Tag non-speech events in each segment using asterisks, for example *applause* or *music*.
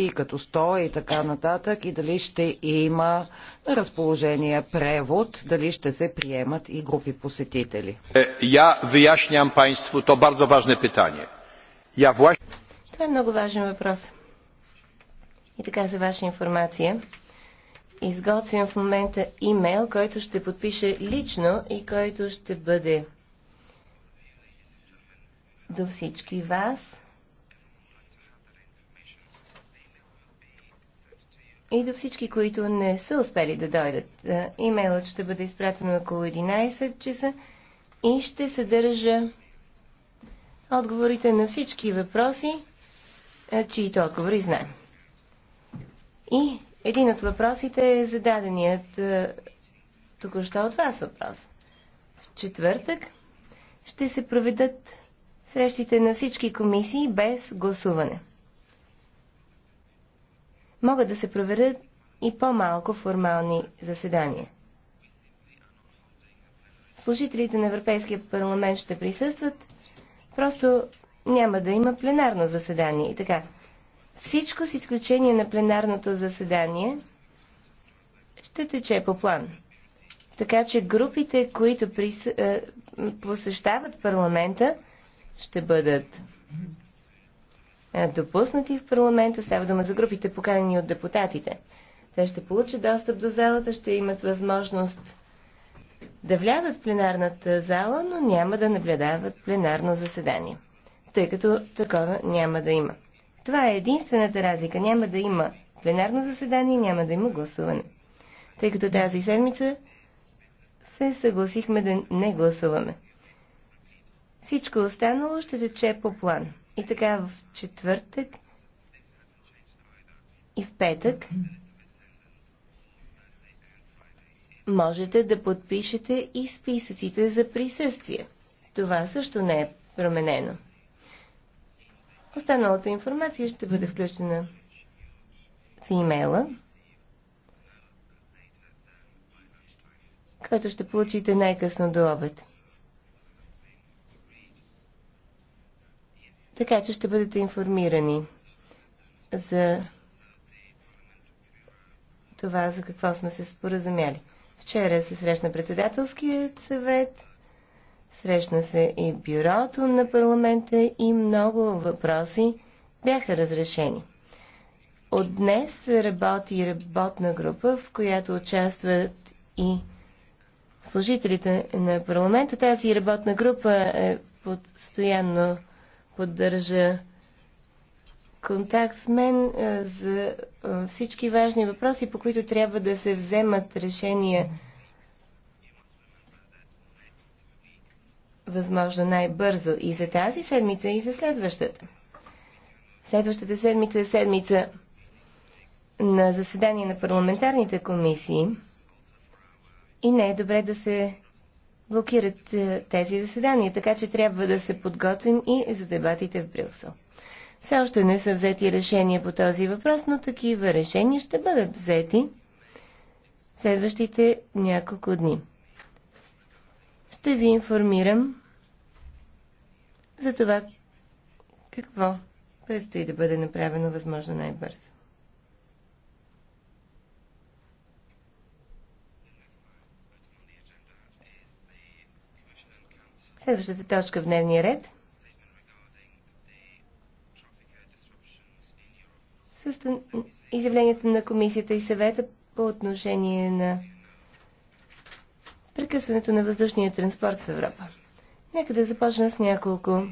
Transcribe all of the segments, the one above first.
институции, като стоя и така нататък, и дали ще има на разположение превод, дали ще се приемат и групи посетители. Е, я то бързо важно питание. Я Това е много важен въпрос. И така за ваша информация. Изготвям в момента имейл, който ще подпише лично и който ще бъде до всички вас – и до всички, които не са успели да дойдат. Имейлът ще бъде изпратен около 11 часа и ще съдържа отговорите на всички въпроси, чието отговори знаем. И един от въпросите е зададеният току-що от вас въпрос. В четвъртък ще се проведат срещите на всички комисии без гласуване могат да се проведат и по-малко формални заседания. Служителите на Европейския парламент ще присъстват, просто няма да има пленарно заседание. И така, всичко с изключение на пленарното заседание ще тече по план. Така че групите, които присъ... Е, посещават парламента, ще бъдат е, допуснати в парламента. Става дума за групите, поканени от депутатите. Те ще получат достъп до залата, ще имат възможност да влязат в пленарната зала, но няма да наблюдават пленарно заседание, тъй като такова няма да има. Това е единствената разлика. Няма да има пленарно заседание, няма да има гласуване. Тъй като тази седмица се съгласихме да не гласуваме. Всичко останало ще тече по план. И така в четвъртък и в петък можете да подпишете и списъците за присъствие. Това също не е променено. Останалата информация ще бъде включена в имейла, който ще получите най-късно до обед. така че ще бъдете информирани за това, за какво сме се споразумяли. Вчера се срещна председателският съвет, срещна се и бюрото на парламента и много въпроси бяха разрешени. От днес работи работна група, в която участват и служителите на парламента. Тази работна група е постоянно поддържа контакт с мен за всички важни въпроси, по които трябва да се вземат решения възможно най-бързо и за тази седмица, и за следващата. Следващата седмица е седмица на заседание на парламентарните комисии и не е добре да се блокират е, тези заседания, така че трябва да се подготвим и за дебатите в Брюксел. Все още не са взети решения по този въпрос, но такива решения ще бъдат взети следващите няколко дни. Ще ви информирам за това какво предстои да бъде направено възможно най-бързо. Следващата точка в дневния ред с изявленията на комисията и съвета по отношение на прекъсването на въздушния транспорт в Европа. Нека да започна с няколко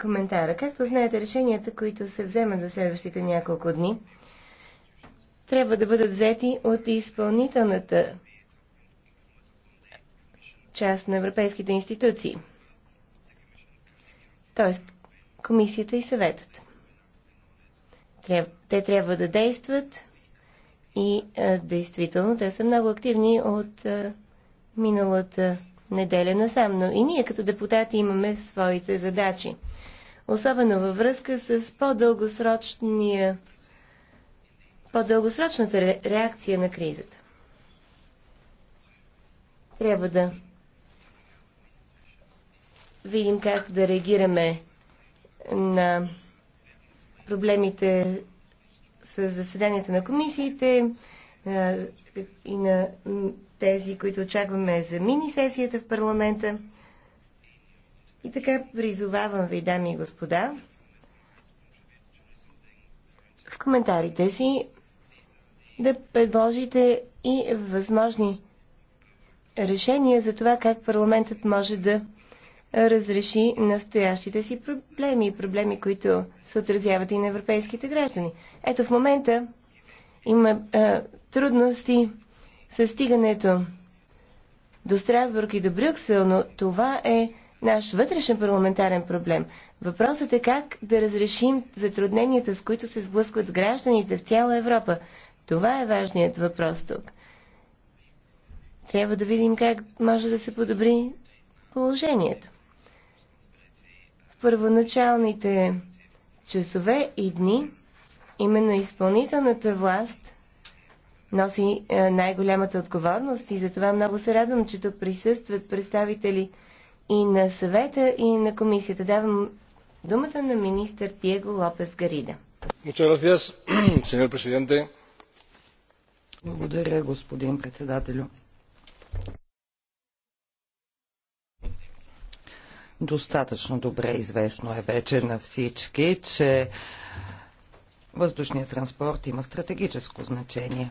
коментара. Както знаете, решенията, които се вземат за следващите няколко дни, трябва да бъдат взети от изпълнителната част на европейските институции. Тоест, комисията и съветът. Те трябва да действат и действително те са много активни от миналата неделя насам, но и ние като депутати имаме своите задачи. Особено във връзка с по-дългосрочния по-дългосрочната реакция на кризата. Трябва да видим как да реагираме на проблемите с заседанията на комисиите и на тези, които очакваме за мини-сесията в парламента. И така призовавам ви, дами и господа, в коментарите си да предложите и възможни решения за това как парламентът може да разреши настоящите си проблеми и проблеми, които се отразяват и на европейските граждани. Ето в момента има е, трудности с стигането до Страсбург и до Брюксел, но това е наш вътрешен парламентарен проблем. Въпросът е как да разрешим затрудненията, с които се сблъскват гражданите в цяла Европа. Това е важният въпрос тук. Трябва да видим как може да се подобри положението първоначалните часове и дни, именно изпълнителната власт носи е, най-голямата отговорност и затова много се радвам, че тук присъстват представители и на съвета, и на комисията. Давам думата на министър Диего Лопес Гарида. *clears throat* Благодаря, господин председателю. Достатъчно добре известно е вече на всички, че въздушният транспорт има стратегическо значение.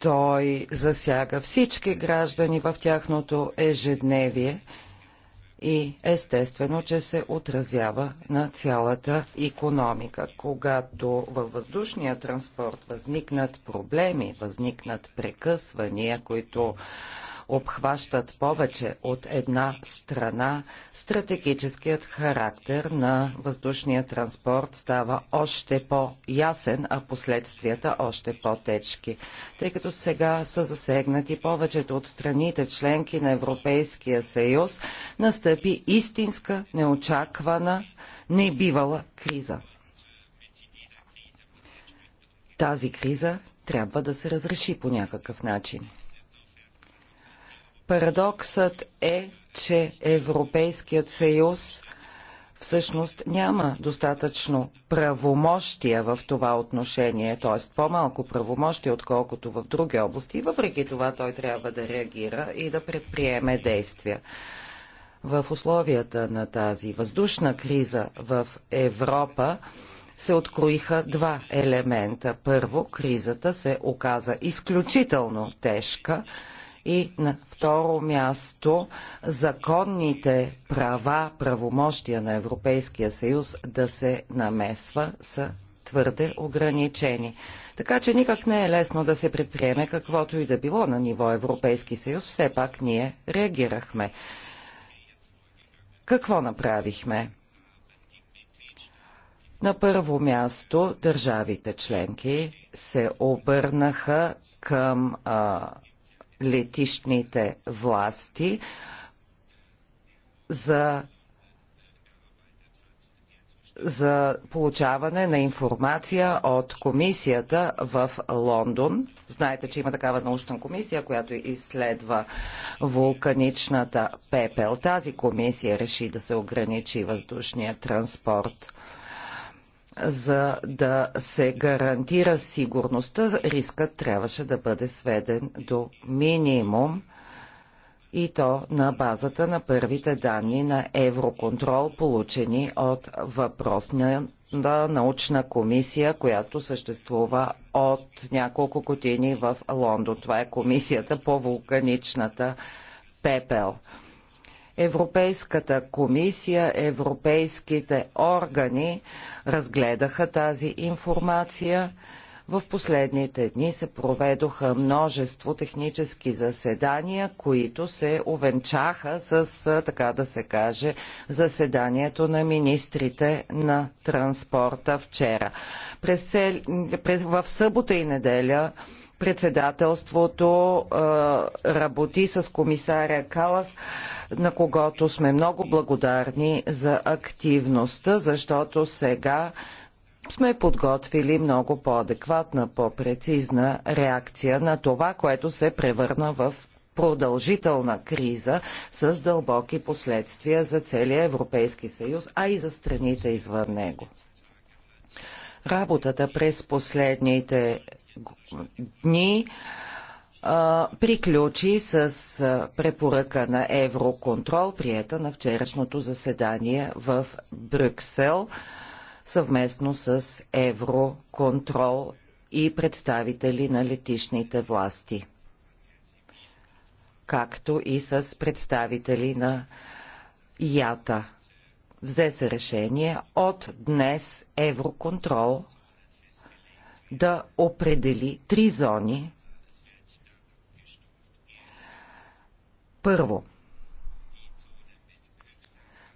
Той засяга всички граждани в тяхното ежедневие и естествено, че се отразява на цялата економика. Когато във въздушния транспорт възникнат проблеми, възникнат прекъсвания, които обхващат повече от една страна, стратегическият характер на въздушния транспорт става още по-ясен, а последствията още по-тежки. Тъй като сега са засегнати повечето от страните членки на Европейския съюз, настъпи истинска, неочаквана, небивала криза. Тази криза трябва да се разреши по някакъв начин. Парадоксът е, че Европейският съюз всъщност няма достатъчно правомощия в това отношение, т.е. по-малко правомощия, отколкото в други области. Въпреки това той трябва да реагира и да предприеме действия. В условията на тази въздушна криза в Европа се откроиха два елемента. Първо, кризата се оказа изключително тежка и на второ място, законните права, правомощия на Европейския съюз да се намесва са твърде ограничени. Така че никак не е лесно да се предприеме каквото и да било на ниво Европейски съюз. Все пак ние реагирахме. Какво направихме? На първо място държавите членки се обърнаха към а, летищните власти за за получаване на информация от комисията в Лондон. Знаете, че има такава научна комисия, която изследва вулканичната пепел. Тази комисия реши да се ограничи въздушния транспорт за да се гарантира сигурността, рискът трябваше да бъде сведен до минимум и то на базата на първите данни на Евроконтрол, получени от въпросния на научна комисия, която съществува от няколко години в Лондон. Това е комисията по вулканичната пепел. Европейската комисия, европейските органи разгледаха тази информация. В последните дни се проведоха множество технически заседания, които се увенчаха с, така да се каже, заседанието на министрите на транспорта вчера. През, в събота и неделя Председателството работи с комисаря Калас, на когото сме много благодарни за активността, защото сега сме подготвили много по-адекватна, по-прецизна реакция на това, което се превърна в продължителна криза с дълбоки последствия за целия Европейски съюз, а и за страните извън него. Работата през последните дни приключи с препоръка на Евроконтрол, приета на вчерашното заседание в Брюксел, съвместно с Евроконтрол и представители на летишните власти, както и с представители на ИАТА. Взе се решение от днес Евроконтрол да определи три зони. Първо,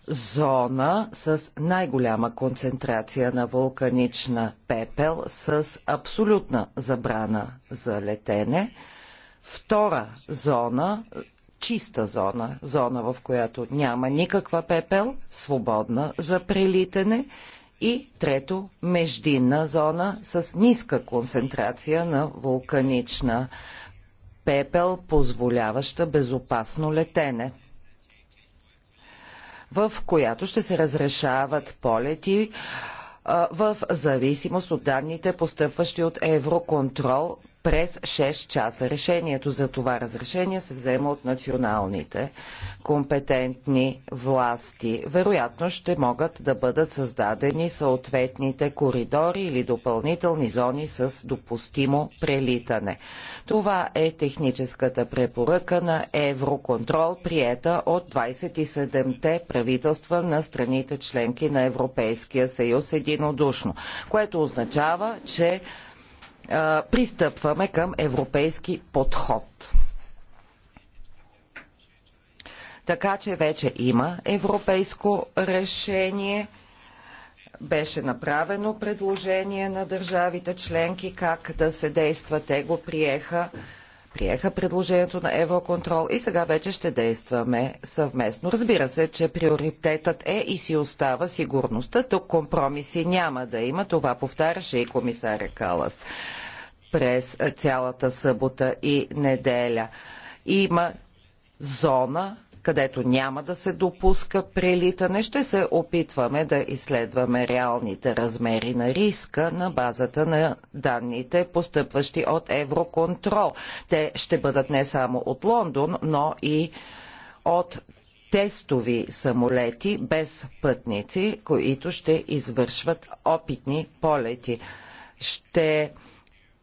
зона с най-голяма концентрация на вулканична пепел с абсолютна забрана за летене. Втора зона, чиста зона, зона в която няма никаква пепел, свободна за прелитане. И трето, междинна зона с ниска концентрация на вулканична пепел, позволяваща безопасно летене в която ще се разрешават полети в зависимост от данните, постъпващи от Евроконтрол през 6 часа. Решението за това разрешение се взема от националните компетентни власти. Вероятно ще могат да бъдат създадени съответните коридори или допълнителни зони с допустимо прелитане. Това е техническата препоръка на Евроконтрол, приета от 27-те правителства на страните членки на Европейския съюз единодушно, което означава, че пристъпваме към европейски подход. Така че вече има европейско решение. Беше направено предложение на държавите членки как да се действа. Те го приеха приеха предложението на Евроконтрол и сега вече ще действаме съвместно. Разбира се, че приоритетът е и си остава сигурността. Тук компромиси няма да има. Това повтаряше и комисаря Калас през цялата събота и неделя. Има зона където няма да се допуска прелитане. Ще се опитваме да изследваме реалните размери на риска на базата на данните, постъпващи от Евроконтрол. Те ще бъдат не само от Лондон, но и от тестови самолети без пътници, които ще извършват опитни полети. Ще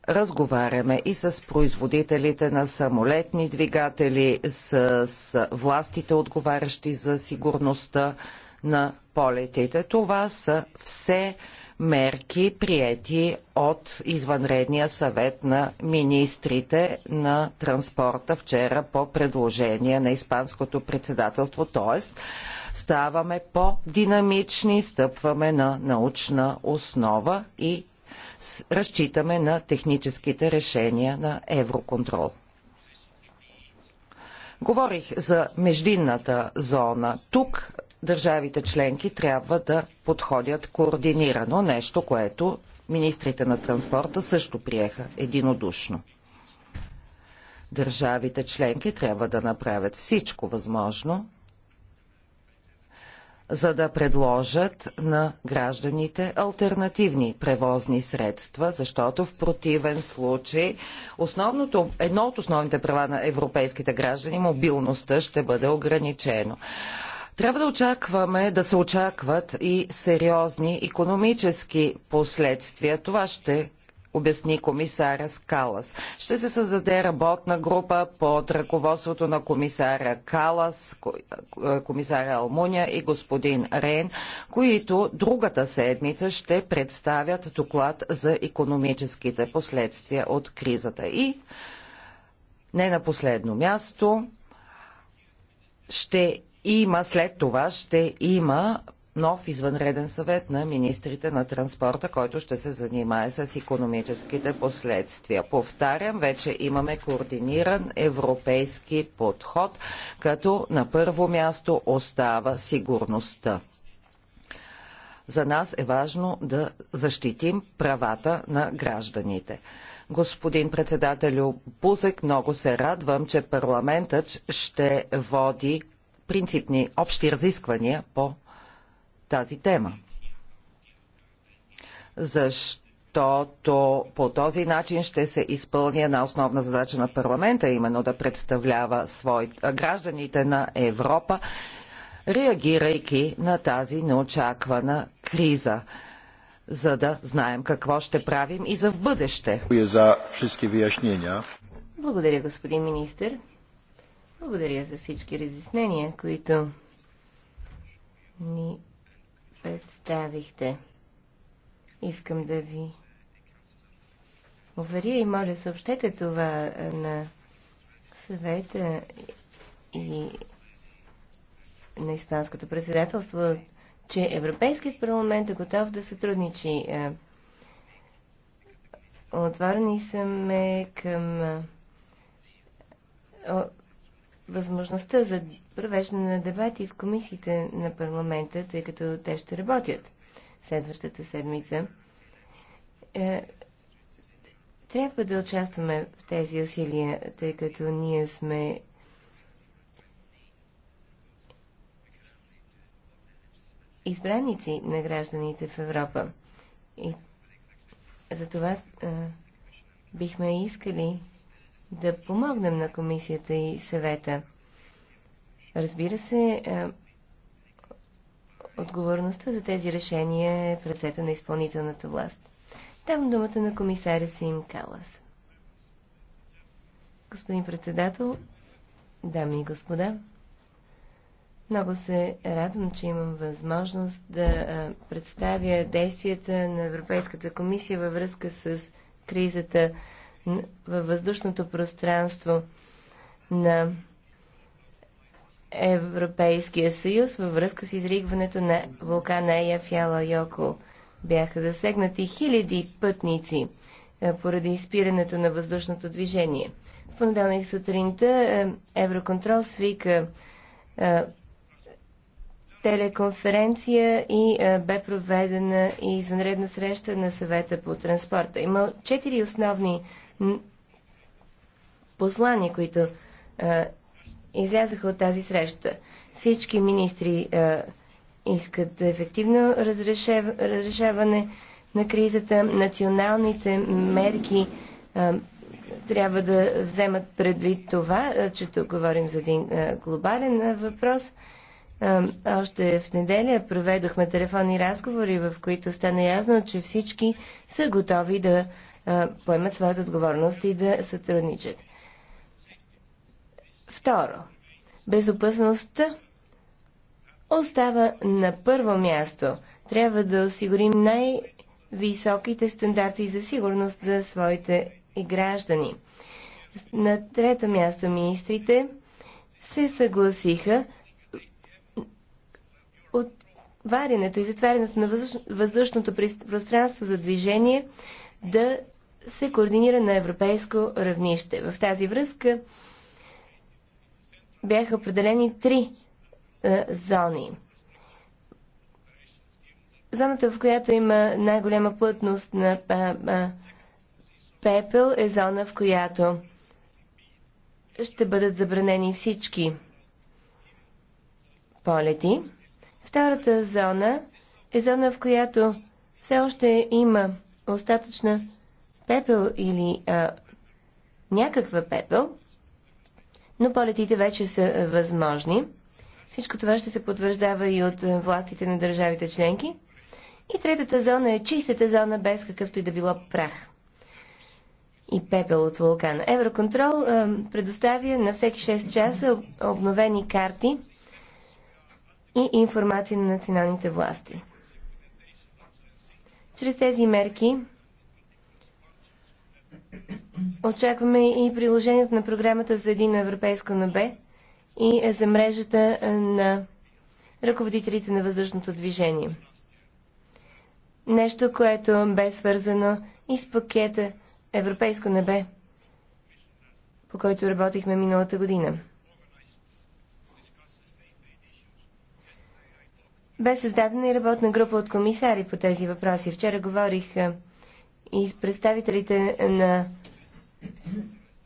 разговаряме и с производителите на самолетни двигатели, с, властите отговарящи за сигурността на полетите. Това са все мерки, приети от извънредния съвет на министрите на транспорта вчера по предложение на Испанското председателство. Тоест, ставаме по-динамични, стъпваме на научна основа и разчитаме на техническите решения на Евроконтрол. Говорих за междинната зона. Тук държавите членки трябва да подходят координирано, нещо, което министрите на транспорта също приеха единодушно. Държавите членки трябва да направят всичко възможно, за да предложат на гражданите альтернативни превозни средства, защото в противен случай основното, едно от основните права на европейските граждани, мобилността, ще бъде ограничено. Трябва да очакваме да се очакват и сериозни економически последствия. Това ще обясни комисаря Скалас. Ще се създаде работна група под ръководството на комисара Калас, е, комисаря Алмуня и господин Рейн, които другата седмица ще представят доклад за економическите последствия от кризата. И не на последно място, ще има, след това ще има нов извънреден съвет на министрите на транспорта, който ще се занимае с економическите последствия. Повтарям, вече имаме координиран европейски подход, като на първо място остава сигурността. За нас е важно да защитим правата на гражданите. Господин председателю Бузек, много се радвам, че парламентът ще води принципни общи разисквания по тази тема. Защото по този начин ще се изпълни една основна задача на парламента, именно да представлява свой, гражданите на Европа, реагирайки на тази неочаквана криза за да знаем какво ще правим и за в бъдеще. За всички вияснения. Благодаря, господин министр. Благодаря за всички разяснения, които ни представихте. Искам да ви уверя и моля съобщете това на съвета и на Испанското председателство, че Европейският парламент е готов да сътрудничи. Отварни сме към възможността за провеждане на дебати в комисиите на парламента, тъй като те ще работят следващата седмица. Е, трябва да участваме в тези усилия, тъй като ние сме избраници на гражданите в Европа. И затова е, бихме искали да помогнем на комисията и съвета Разбира се, е, отговорността за тези решения е в ръцете на изпълнителната власт. Там думата на комисаря Сим Калас. Господин председател, дами и господа, много се радвам, че имам възможност да е, представя действията на Европейската комисия във връзка с кризата във въздушното пространство на Европейския съюз във връзка с изригването на вулкана Яфяла Йоко. Бяха засегнати хиляди пътници е, поради изпирането на въздушното движение. В понеделник сутринта е, Евроконтрол свика е, телеконференция и бе проведена и извънредна среща на съвета по транспорта. Има четири основни послания, които излязаха от тази среща. Всички министри а, е, искат ефективно разрешаване на кризата. Националните мерки а, е, трябва да вземат предвид това, а, е, че тук говорим за един а, глобален а, въпрос. А, още в неделя проведохме телефонни разговори, в които стана ясно, че всички са готови да а, поемат своята отговорност и да сътрудничат. Второ, безопасността остава на първо място. Трябва да осигурим най-високите стандарти за сигурност за своите граждани. На трето място министрите се съгласиха от варенето и затварянето на въздушното пространство за движение да се координира на европейско равнище. В тази връзка бяха определени три е, зони. Зоната, в която има най-голяма плътност на а, е, а, е, пепел, е зона, в която ще бъдат забранени всички полети. Втората зона е зона, в която все още има остатъчна пепел или а, е, някаква пепел – но полетите вече са е, възможни. Всичко това ще се потвърждава и от е, властите на държавите членки. И третата зона е чистата зона без какъвто и да било прах и пепел от вулкана. Евроконтрол е, предоставя на всеки 6 часа обновени карти и информация на националните власти. Чрез тези мерки Очакваме и приложението на програмата за един европейско набе и е, за мрежата е, на ръководителите на въздушното движение. Нещо, което бе свързано и с пакета Европейско небе, по който работихме миналата година. Бе създадена и работна група от комисари по тези въпроси. Вчера говорих е, и с представителите на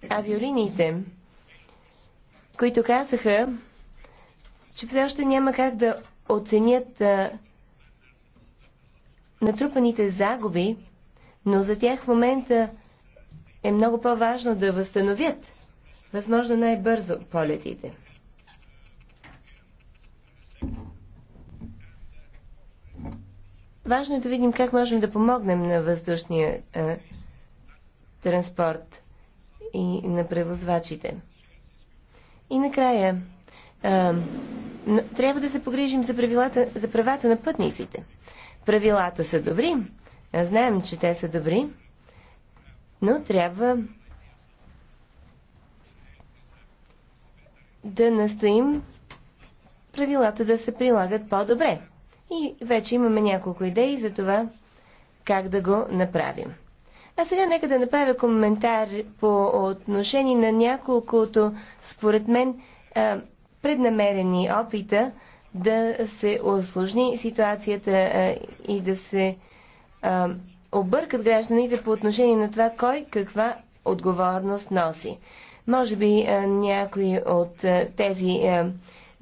авиолиниите, които казаха, че все още няма как да оценят а, натрупаните загуби, но за тях в момента е много по-важно да възстановят възможно най-бързо полетите. Важно е да видим как можем да помогнем на въздушния а, транспорт и на превозвачите. И накрая, а, трябва да се погрижим за, правилата, за правата на пътниците. Правилата са добри, а знаем, че те са добри, но трябва да настоим правилата да се прилагат по-добре. И вече имаме няколко идеи за това как да го направим. А сега нека да направя коментар по отношение на няколкото, според мен, преднамерени опита да се осложни ситуацията и да се объркат гражданите по отношение на това кой каква отговорност носи. Може би някои от тези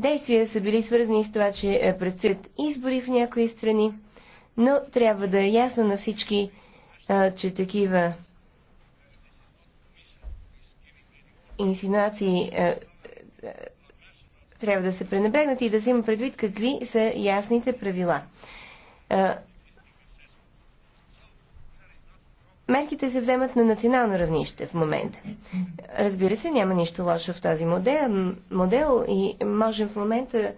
действия са били свързани с това, че е, предстоят избори в някои страни, но трябва да е ясно на всички, че такива инсинуации трябва да се пренебрегнат и да се има предвид какви са ясните правила. Мерките се вземат на национално равнище в момента. Разбира се, няма нищо лошо в този модел, модел и можем в момента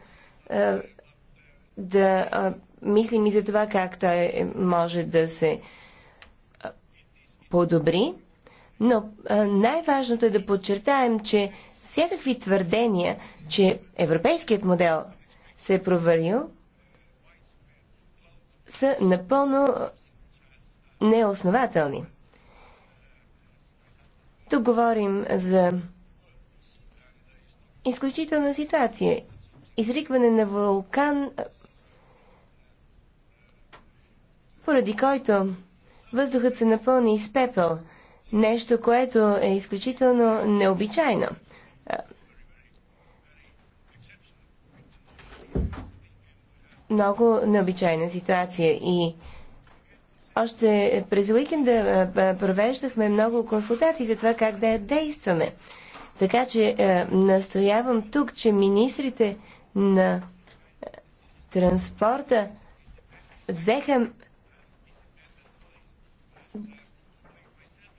а, да а, мислим и за това как той може да се а, подобри. Но най-важното е да подчертаем, че всякакви твърдения, че европейският модел се е провалил, са напълно неоснователни. Тук говорим за изключителна ситуация. Изрикване на вулкан, поради който въздухът се напълни с пепел. Нещо, което е изключително необичайно. Много необичайна ситуация и още през уикенда провеждахме много консултации за това как да я действаме. Така че настоявам тук, че министрите на транспорта взеха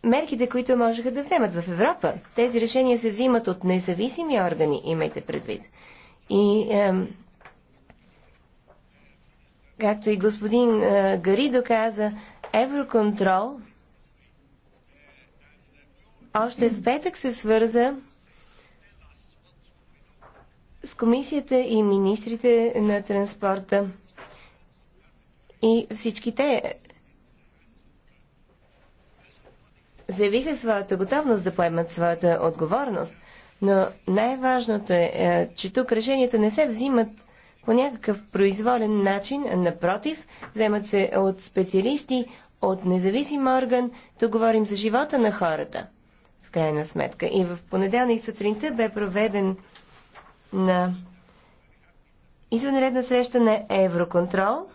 мерките, които можеха да вземат в Европа. Тези решения се взимат от независими органи, имайте предвид. И както и господин е, Гари доказа, Евроконтрол още в петък се свърза с комисията и министрите на транспорта. И всички те заявиха своята готовност да поемат своята отговорност. Но най-важното е, е че тук решенията не се взимат по някакъв произволен начин, напротив, вземат се от специалисти, от независим орган, да говорим за живота на хората. В крайна сметка. И в понеделник сутринта бе проведен на извънредна среща на Евроконтрол,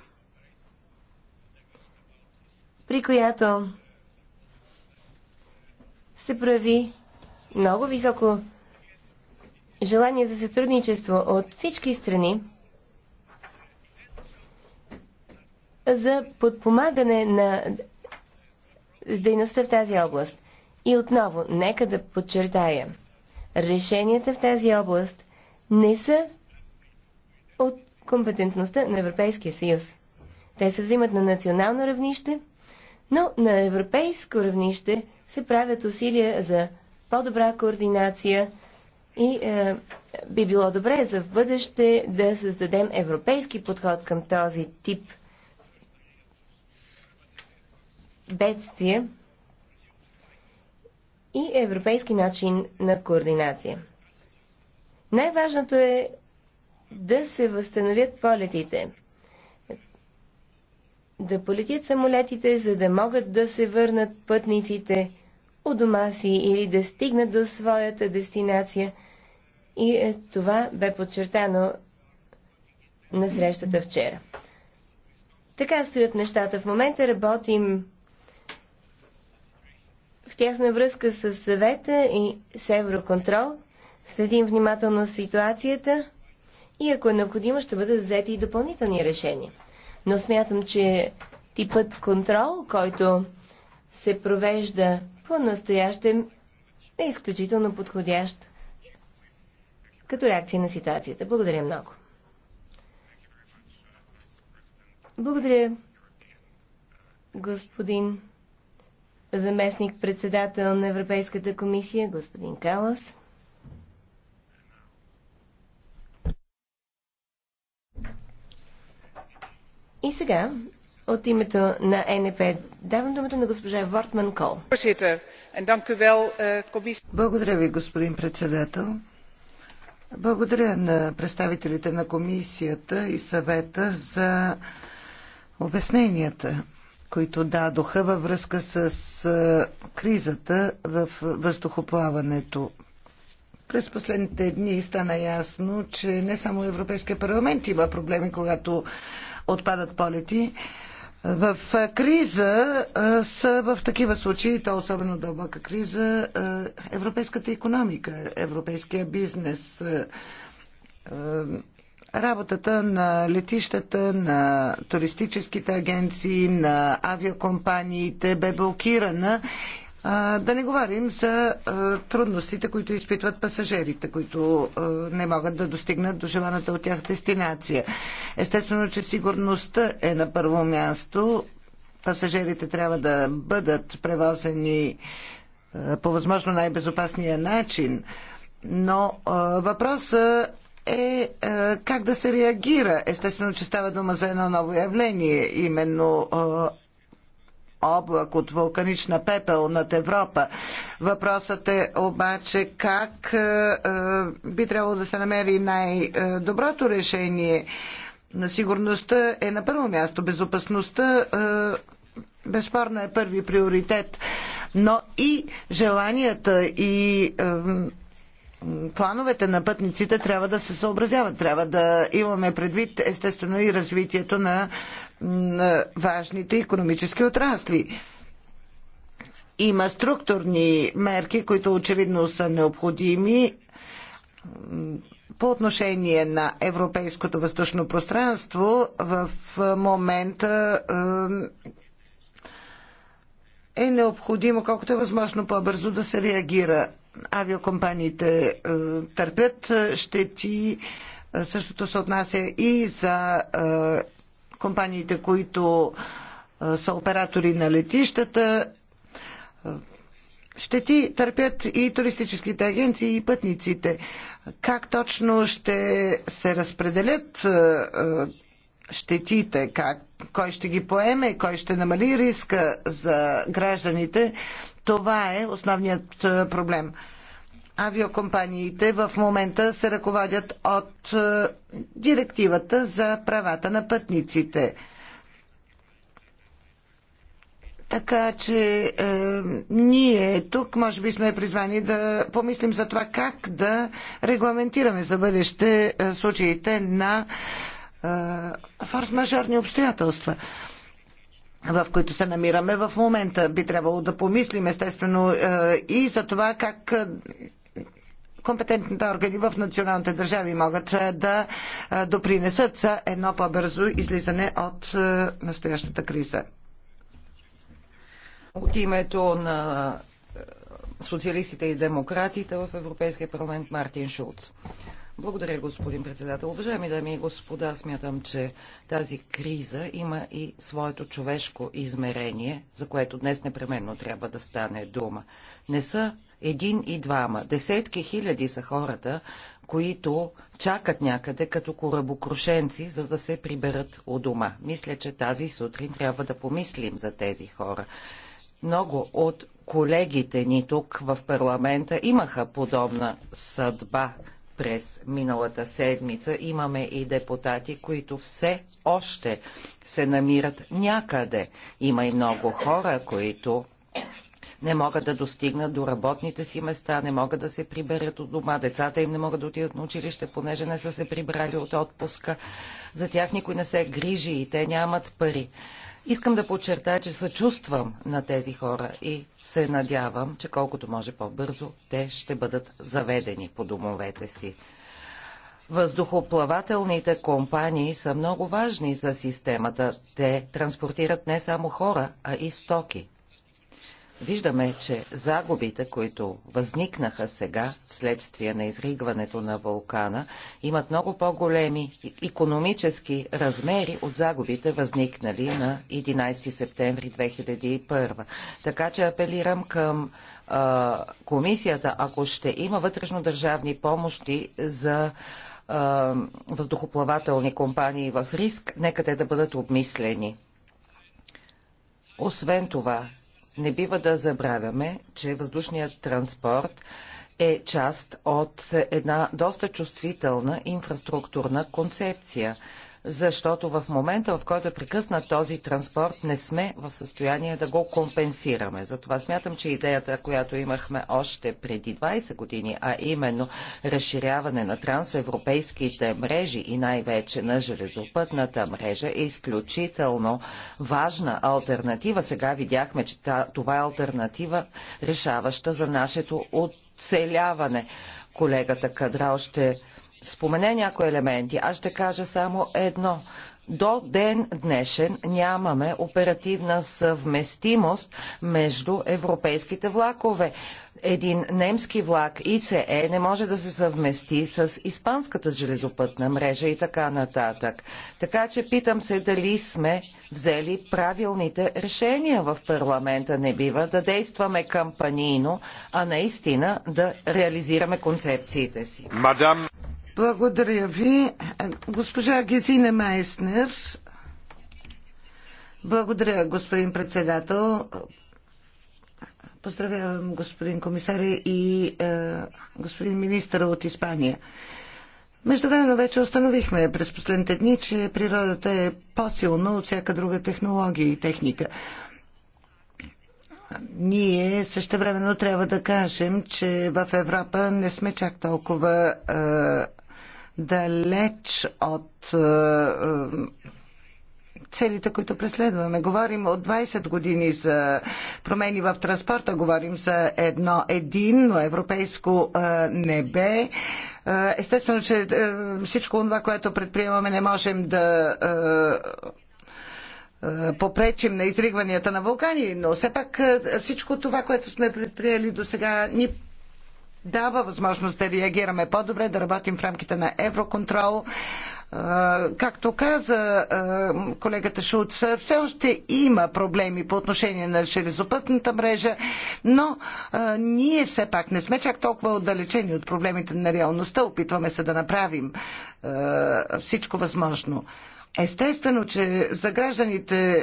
при която се прояви много високо желание за сътрудничество от всички страни, за подпомагане на дейността в тази област. И отново, нека да подчертая, решенията в тази област не са от компетентността на Европейския съюз. Те се взимат на национално равнище, но на европейско равнище се правят усилия за по-добра координация и е, би било добре за в бъдеще да създадем европейски подход към този тип бедствия и европейски начин на координация. Най-важното е да се възстановят полетите, да полетят самолетите, за да могат да се върнат пътниците у дома си или да стигнат до своята дестинация. И е, това бе подчертано на срещата вчера. Така стоят нещата. В момента работим в тясна връзка с съвета и с Евроконтрол следим внимателно ситуацията и ако е необходимо ще бъдат взети и допълнителни решения. Но смятам, че типът контрол, който се провежда по-настоящем е изключително подходящ като реакция на ситуацията. Благодаря много. Благодаря, господин заместник-председател на Европейската комисия, господин Калас. И сега, от името на НП, давам думата на госпожа Вортман Кол. Благодаря ви, господин председател. Благодаря на представителите на комисията и съвета за обясненията които дадоха във връзка с кризата в въздухоплаването. През последните дни стана ясно, че не само Европейския парламент има проблеми, когато отпадат полети. В криза са в такива случаи, то особено дълбока криза, европейската економика, европейския бизнес, работата на летищата, на туристическите агенции, на авиокомпаниите бе блокирана. Да не говорим за трудностите, които изпитват пасажирите, които не могат да достигнат до желаната от тях дестинация. Естествено, че сигурността е на първо място. Пасажирите трябва да бъдат превозени по възможно най-безопасния начин. Но въпросът е, е как да се реагира. Естествено, че става дума за едно ново явление, именно е, облак от вулканична пепел над Европа. Въпросът е обаче как е, е би трябвало да се намери най-доброто решение. На сигурността е на първо място, безопасността е, безспорно е първи приоритет, но и желанията и е, плановете на пътниците трябва да се съобразяват. Трябва да имаме предвид естествено и развитието на, на важните економически отрасли. Има структурни мерки, които очевидно са необходими по отношение на европейското въздушно пространство. В момента е необходимо, колкото е възможно по-бързо да се реагира авиокомпаниите е, търпят е, щети. Е, същото се отнася и за компаниите, които са оператори на летищата. Ще ти търпят и туристическите агенции, и пътниците. Как точно ще се разпределят щетите, как, кой ще ги поеме, кой ще намали риска за гражданите, това е основният е, проблем. Авиокомпаниите в момента се ръководят от е, директивата за правата на пътниците. Така че е, ние тук може би сме призвани да помислим за това как да регламентираме за бъдеще е, случаите на форс-мажорни обстоятелства в които се намираме в момента. Би трябвало да помислим, естествено, и за това как компетентните органи в националните държави могат да допринесат за едно по-бързо излизане от настоящата криза. От името на социалистите и демократите в Европейския парламент Мартин Шулц. Благодаря, господин председател. Уважаеми дами и господа, смятам, че тази криза има и своето човешко измерение, за което днес непременно трябва да стане дума. Не са един и двама. Десетки хиляди са хората, които чакат някъде като корабокрушенци, за да се приберат у дома. Мисля, че тази сутрин трябва да помислим за тези хора. Много от колегите ни тук в парламента имаха подобна съдба през миналата седмица. Имаме и депутати, които все още се намират някъде. Има и много хора, които не могат да достигнат до работните си места, не могат да се приберат от дома, децата им не могат да отидат на училище, понеже не са се прибрали от отпуска. За тях никой не се грижи и те нямат пари. Искам да подчертая, че съчувствам на тези хора и се надявам, че колкото може по-бързо те ще бъдат заведени по домовете си. Въздухоплавателните компании са много важни за системата. Те транспортират не само хора, а и стоки. Виждаме, че загубите, които възникнаха сега вследствие на изригването на вулкана, имат много по-големи економически размери от загубите, възникнали на 11 септември 2001. Така че апелирам към а, комисията, ако ще има вътрешно държавни помощи за а, въздухоплавателни компании в риск, нека те да бъдат обмислени. Освен това, не бива да забравяме, че въздушният транспорт е част от една доста чувствителна инфраструктурна концепция защото в момента, в който е прекъснат този транспорт, не сме в състояние да го компенсираме. Затова смятам, че идеята, която имахме още преди 20 години, а именно разширяване на трансевропейските мрежи и най-вече на железопътната мрежа, е изключително важна альтернатива. Сега видяхме, че това е альтернатива, решаваща за нашето оцеляване. Колегата Кадрал ще спомене някои елементи. Аз ще кажа само едно. До ден днешен нямаме оперативна съвместимост между европейските влакове. Един немски влак ИЦЕ не може да се съвмести с испанската железопътна мрежа и така нататък. Така че питам се дали сме взели правилните решения в парламента. Не бива да действаме кампанийно, а наистина да реализираме концепциите си. Мадам... Благодаря ви. Госпожа Гезина Майснер. Благодаря, господин председател. Поздравявам господин комисаря и е, господин министър от Испания. Междувременно вече установихме през последните дни, че природата е по-силна от всяка друга технология и техника. Ние същевременно трябва да кажем, че в Европа не сме чак толкова е, далеч от е, е, целите, които преследваме. Говорим от 20 години за промени в транспорта, говорим за едно единно европейско е, небе. Естествено, че всичко това, което предприемаме, не можем да попречим на изригванията на вулкани, но все пак всичко това, което сме предприели до сега, ни дава възможност да реагираме по-добре, да работим в рамките на Евроконтрол. Както каза колегата Шулц, все още има проблеми по отношение на железопътната мрежа, но ние все пак не сме чак толкова отдалечени от проблемите на реалността. Опитваме се да направим всичко възможно. Естествено, че за гражданите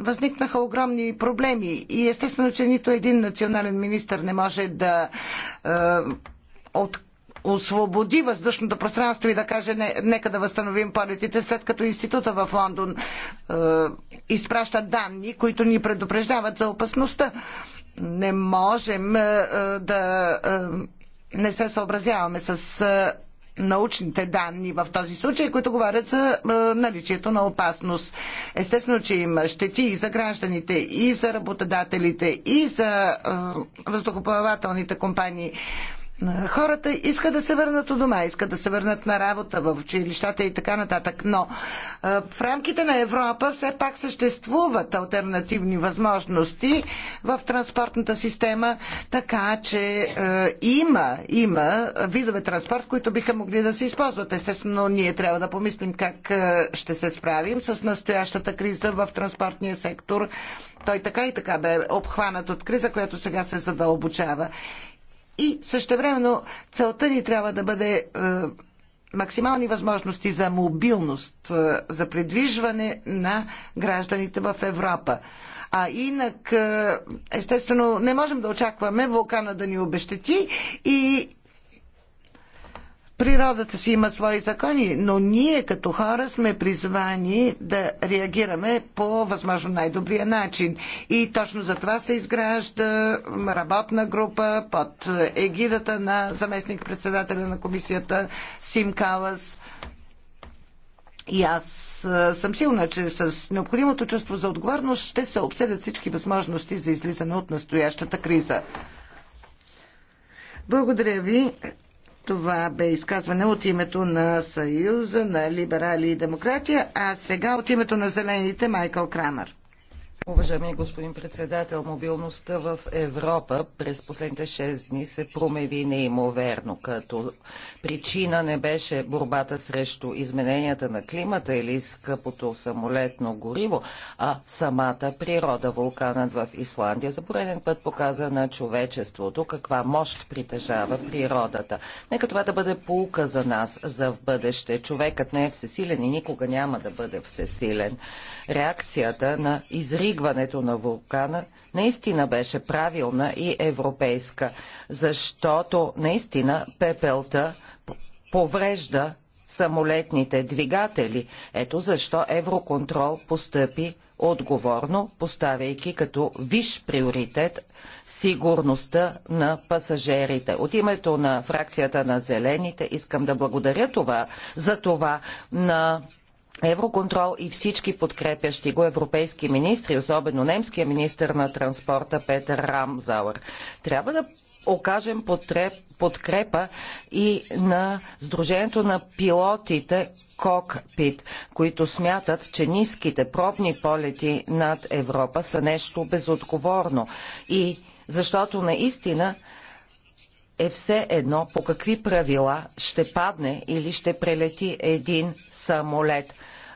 възникнаха огромни проблеми и естествено, че нито един национален министр не може да е, от освободи въздушното пространство и да каже не, нека да възстановим полетите, след като института в Лондон е, изпраща данни, които ни предупреждават за опасността. Не можем е, е да е, не се съобразяваме с е, научните данни в този случай, които говорят за е, наличието на опасност. Естествено, че има щети и за гражданите, и за работодателите, и за е, въздухоплавателните компании. Хората искат да се върнат у дома, искат да се върнат на работа, в училищата и така нататък. Но в рамките на Европа все пак съществуват альтернативни възможности в транспортната система, така че има, има видове транспорт, които биха могли да се използват. Естествено, ние трябва да помислим как ще се справим с настоящата криза в транспортния сектор. Той така и така бе обхванат от криза, която сега се задълбочава и същевременно целта ни трябва да бъде е, максимални възможности за мобилност, е, за придвижване на гражданите в Европа. А инак, е, естествено, не можем да очакваме вулкана да ни обещети и Природата си има свои закони, но ние като хора сме призвани да реагираме по възможно най-добрия начин. И точно за това се изгражда работна група под егидата на заместник-председателя на комисията Сим Калас. И аз съм сигурна, че с необходимото чувство за отговорност ще се обсъдят всички възможности за излизане от настоящата криза. Благодаря ви. Това бе изказване от името на Съюза на либерали и демократия, а сега от името на зелените Майкъл Крамер. Уважаеми господин председател, мобилността в Европа през последните 6 дни се промеви неимоверно, като причина не беше борбата срещу измененията на климата или скъпото самолетно гориво, а самата природа. Вулканът в Исландия за пореден път показа на човечеството каква мощ притежава природата. Нека това да бъде полука за нас за в бъдеще. Човекът не е всесилен и никога няма да бъде всесилен. Реакцията на изричането издигването на вулкана наистина беше правилна и европейска, защото наистина пепелта поврежда самолетните двигатели. Ето защо Евроконтрол постъпи отговорно, поставяйки като виш приоритет сигурността на пасажерите. От името на фракцията на Зелените искам да благодаря това, за това на Евроконтрол и всички подкрепящи го европейски министри, особено немския министр на транспорта Петър Рамзауер. Трябва да окажем подкрепа и на Сдружението на пилотите Кокпит, които смятат, че ниските пробни полети над Европа са нещо безотговорно. И защото наистина е все едно по какви правила ще падне или ще прелети един самолет.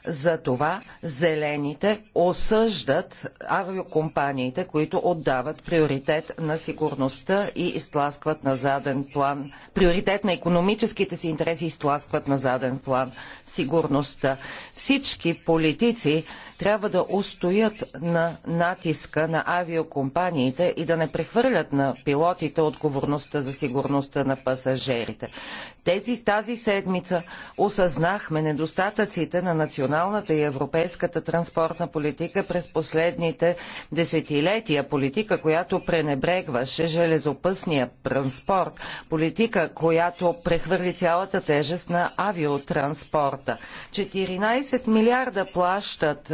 Затова зелените осъждат авиокомпаниите, които отдават приоритет на сигурността и изтласкват на заден план. Приоритет на економическите си интереси изтласкват на заден план сигурността. Всички политици трябва да устоят на натиска на авиокомпаниите и да не прехвърлят на пилотите отговорността за сигурността на пасажирите. Тези, тази седмица осъзнахме недостатъците на националната и европейската транспортна политика през последните десетилетия. Политика, която пренебрегваше железопъсния транспорт. Политика, която прехвърли цялата тежест на авиотранспорта. 14 милиарда плащат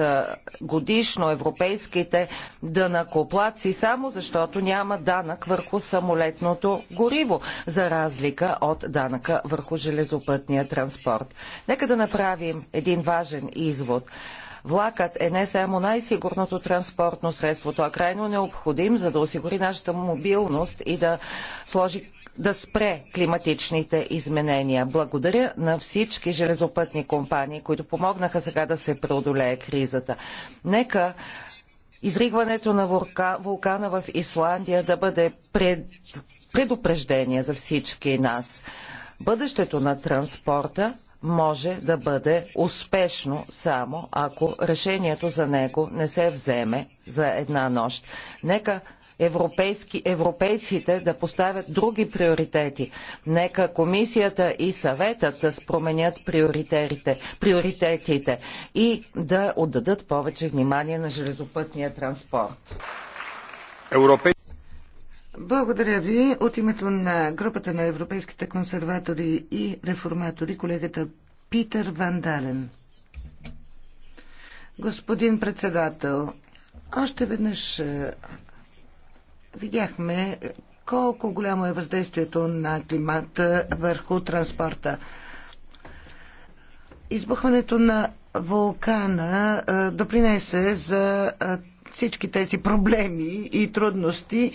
годишно европейските дънакоплаци, само защото няма данък върху самолетното гориво, за разлика от данъка върху железопътния транспорт. Нека да направим един важен извод. Влакът е не само най-сигурното транспортно средство, той е крайно необходим, за да осигури нашата мобилност и да сложи да спре климатичните изменения. Благодаря на всички железопътни компании, които помогнаха сега да се преодолее кризата. Нека изригването на вулкана в Исландия да бъде пред... предупреждение за всички нас. Бъдещето на транспорта може да бъде успешно само ако решението за него не се вземе за една нощ. Нека европейски, европейците да поставят други приоритети. Нека комисията и съветът да променят приоритетите и да отдадат повече внимание на железопътния транспорт. Европей... Благодаря ви. От името на групата на европейските консерватори и реформатори, колегата Питър Вандален. Господин председател, още веднъж видяхме колко голямо е въздействието на климата върху транспорта. Избухването на вулкана допринесе за всички тези проблеми и трудности.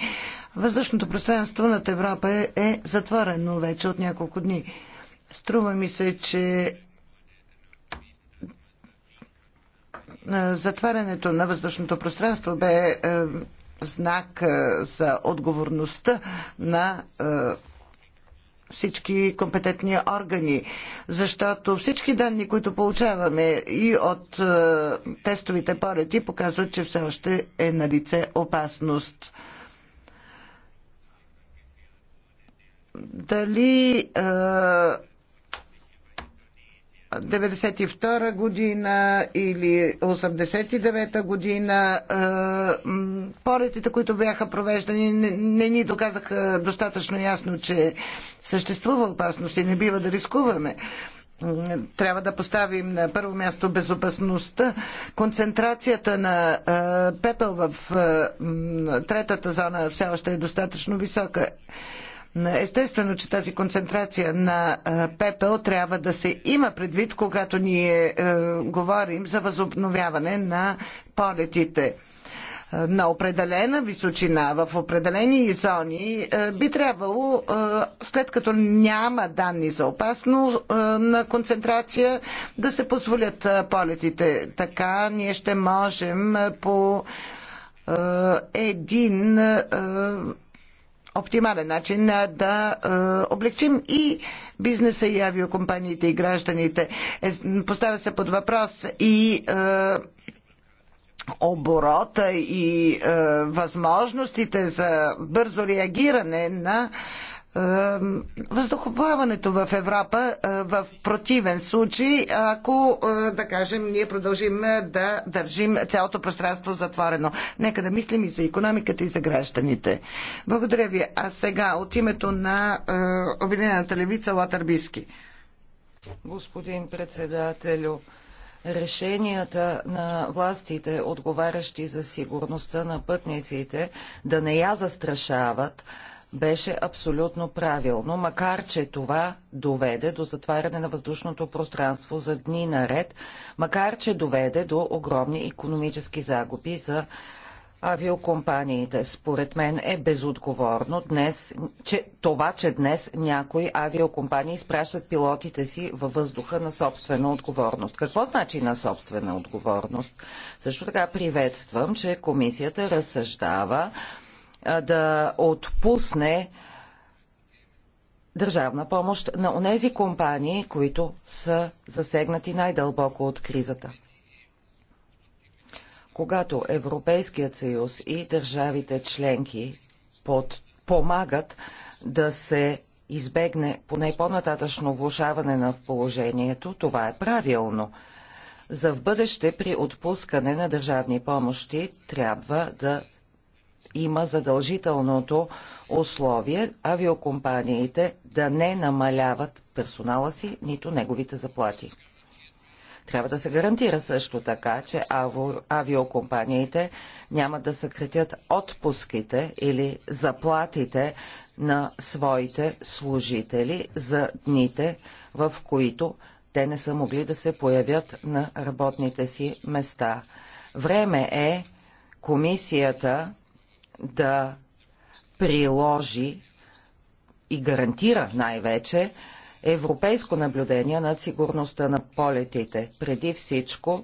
Въздушното пространство над Европа е затворено вече от няколко дни. Струва ми се, че затварянето на въздушното пространство бе знак е, за отговорността на е, всички компетентни органи, защото всички данни, които получаваме и от е, тестовите полети, показват, че все още е на лице опасност. Дали 92 година или 89 година. Полетите, които бяха провеждани, не, не ни доказаха достатъчно ясно, че съществува опасност и не бива да рискуваме трябва да поставим на първо място безопасността. Концентрацията на пепел в третата зона все още е достатъчно висока. Естествено, че тази концентрация на пепел трябва да се има предвид, когато ние е, говорим за възобновяване на полетите е, на определена височина, в определени зони, е, би трябвало, след като няма данни за опасно на концентрация, да се позволят полетите. Така ние ще можем по един оптимален начин да облегчим и бизнеса, и авиокомпаниите, и гражданите. Е, поставя се под въпрос и оборота и е, възможностите за бързо реагиране на въздухоплаването в Европа в противен случай, ако, да кажем, ние продължим да държим цялото пространство затворено. Нека да мислим и за економиката, и за гражданите. Благодаря ви. А сега от името на Обединената левица Латърбиски. Господин председателю, решенията на властите, отговарящи за сигурността на пътниците, да не я застрашават, беше абсолютно правилно, макар че това доведе до затваряне на въздушното пространство за дни наред, макар че доведе до огромни економически загуби за авиокомпаниите. Според мен е безотговорно днес, че, това, че днес някои авиокомпании изпращат пилотите си във въздуха на собствена отговорност. Какво значи на собствена отговорност? Също така приветствам, че комисията разсъждава да отпусне държавна помощ на онези компании, които са засегнати най-дълбоко от кризата. Когато Европейският съюз и държавите членки под, помагат да се избегне поне по-нататъчно влушаване на положението, това е правилно. За в бъдеще при отпускане на държавни помощи трябва да има задължителното условие авиокомпаниите да не намаляват персонала си, нито неговите заплати. Трябва да се гарантира също така, че авиокомпаниите няма да съкретят отпуските или заплатите на своите служители за дните, в които те не са могли да се появят на работните си места. Време е комисията да приложи и гарантира най-вече европейско наблюдение над сигурността на полетите. Преди всичко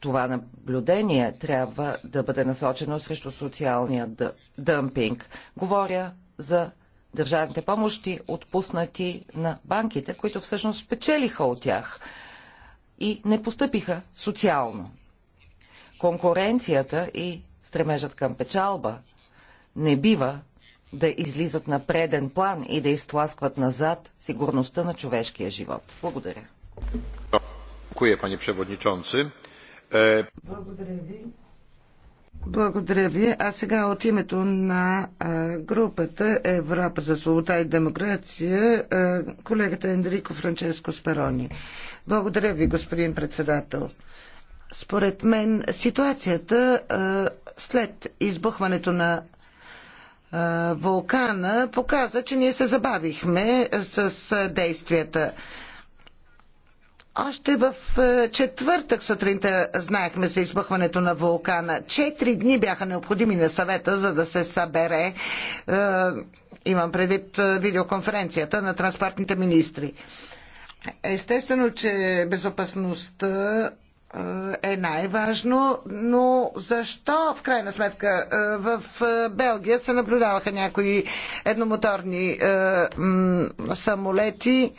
това наблюдение трябва да бъде насочено срещу социалния дъмпинг. Говоря за държавните помощи, отпуснати на банките, които всъщност спечелиха от тях и не поступиха социално. Конкуренцията и стремежът към печалба – не бива да излизат на преден план и да изтласкват назад сигурността на човешкия живот. Благодаря. Е, Благодаря ви. Благодаря ви. А сега от името на групата Европа за свобода и демокрация, колегата Ендрико Франческо Сперони. Благодаря ви, господин председател. Според мен ситуацията след избухването на вулкана показа, че ние се забавихме с действията. Още в четвъртък сутринта знаехме за избухването на вулкана. Четири дни бяха необходими на съвета, за да се събере. Имам предвид видеоконференцията на транспортните министри. Естествено, че безопасността е най-важно, но защо в крайна сметка е, в е, Белгия се наблюдаваха някои едномоторни е, самолети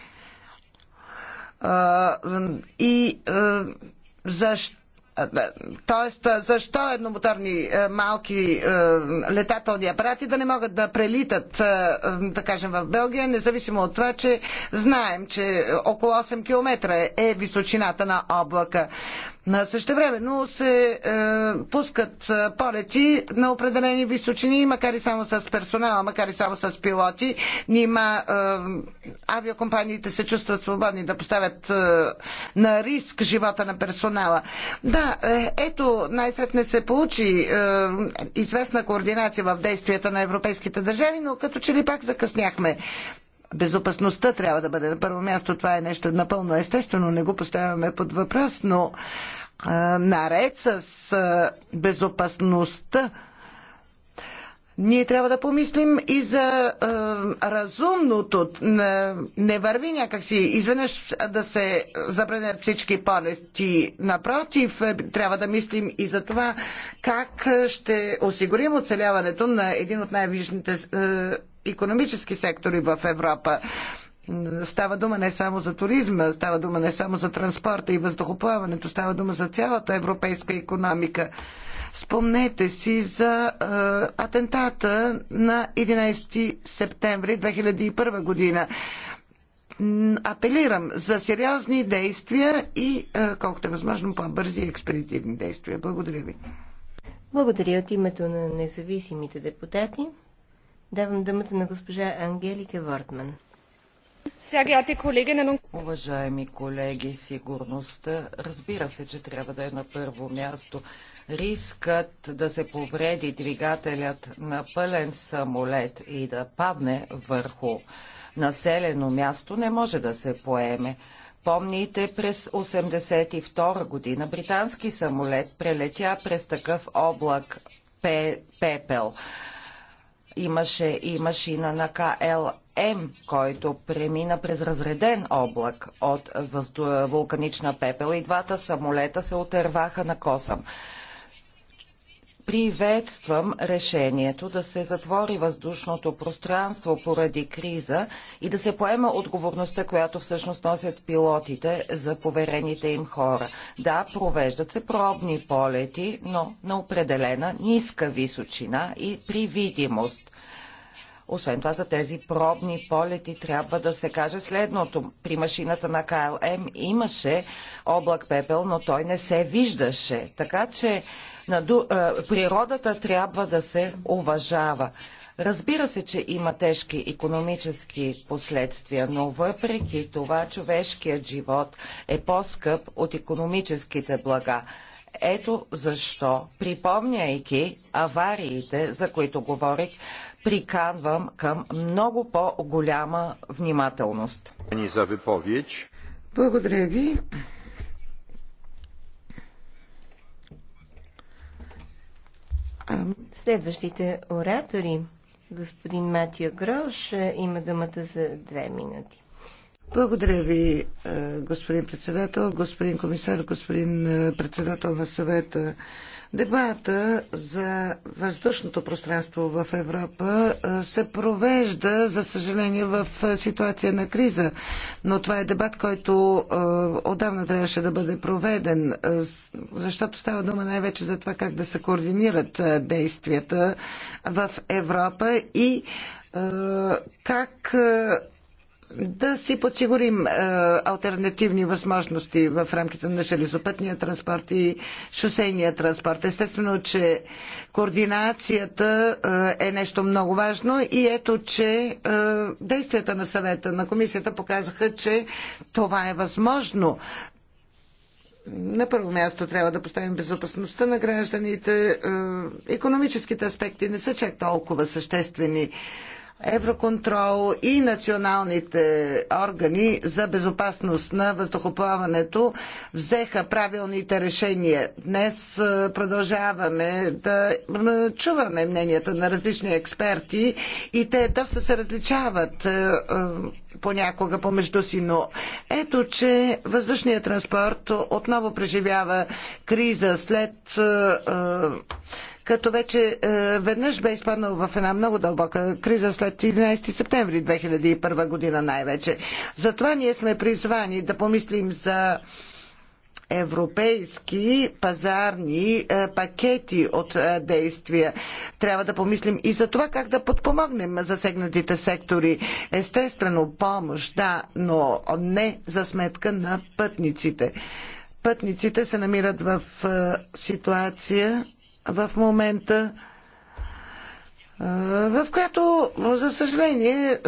и защо Тоест, защо едномоторни малки летателни апарати да не могат да прелитат, да кажем, в Белгия, независимо от това, че знаем, че около 8 км е височината на облака. На но се е, пускат е, полети на определени височини, макар и само с персонала, макар и само с пилоти. Нима е, авиокомпаниите се чувстват свободни да поставят е, на риск живота на персонала. Да, е, ето най-сетне се получи е, известна координация в действията на европейските държави, но като че ли пак закъсняхме безопасността трябва да бъде на първо място. Това е нещо напълно естествено, не го поставяме под въпрос, но а, наред с а, безопасността ние трябва да помислим и за а, разумното. Не, не върви някакси изведнъж да се забранят всички полети. Напротив, е, трябва да мислим и за това как ще осигурим оцеляването на един от най-вижните е, економически сектори в Европа. Става дума не само за туризма, става дума не само за транспорта и въздухоплаването, става дума за цялата европейска економика. Спомнете си за е, атентата на 11 септември 2001 година. Апелирам за сериозни действия и е, колкото е възможно по-бързи и експедитивни действия. Благодаря ви. Благодаря от името на независимите депутати. Давам думата на госпожа Ангелика Вортман. Уважаеми колеги, сигурността разбира се, че трябва да е на първо място. Рискът да се повреди двигателят на пълен самолет и да падне върху населено място не може да се поеме. Помните, през 1982 година британски самолет прелетя през такъв облак пепел. Имаше и машина на КЛМ, който премина през разреден облак от вулканична пепел и двата самолета се отърваха на косъм. Приветствам решението да се затвори въздушното пространство поради криза и да се поема отговорността, която всъщност носят пилотите за поверените им хора. Да, провеждат се пробни полети, но на определена ниска височина и при видимост. Освен това, за тези пробни полети трябва да се каже следното. При машината на КЛМ имаше облак пепел, но той не се виждаше. Така че е, природата трябва да се уважава. Разбира се, че има тежки економически последствия, но въпреки това човешкият живот е по-скъп от економическите блага. Ето защо, припомняйки авариите, за които говорих, приканвам към много по-голяма внимателност. Благодаря ви. Следващите оратори, господин Матио Грош, е, има думата за две минути. Благодаря ви, е, господин председател, господин комисар, господин е, председател на съвета. Дебата за въздушното пространство в Европа се провежда, за съжаление, в ситуация на криза. Но това е дебат, който отдавна трябваше да бъде проведен, защото става дума най-вече за това как да се координират действията в Европа и как да си подсигурим е, альтернативни възможности в рамките на железопътния транспорт и шосейния транспорт. Естествено, че координацията е, е нещо много важно и ето, че е, действията на съвета, на комисията показаха, че това е възможно. На първо място трябва да поставим безопасността на гражданите. Е, економическите аспекти не са чак толкова съществени. Евроконтрол и националните органи за безопасност на въздухоплаването взеха правилните решения. Днес е, продължаваме да чуваме мненията на различни експерти и те доста се различават е, е, понякога помежду си, но ето, че въздушният транспорт отново преживява криза след като вече е, веднъж бе изпаднал в една много дълбока криза след 11 септември 2001 година най-вече. Затова ние сме призвани да помислим за европейски пазарни е, пакети от е, действия. Трябва да помислим и за това как да подпомогнем засегнатите сектори. Естествено, помощ, да, но не за сметка на пътниците. Пътниците се намират в ситуация, в момента, в която, за съжаление,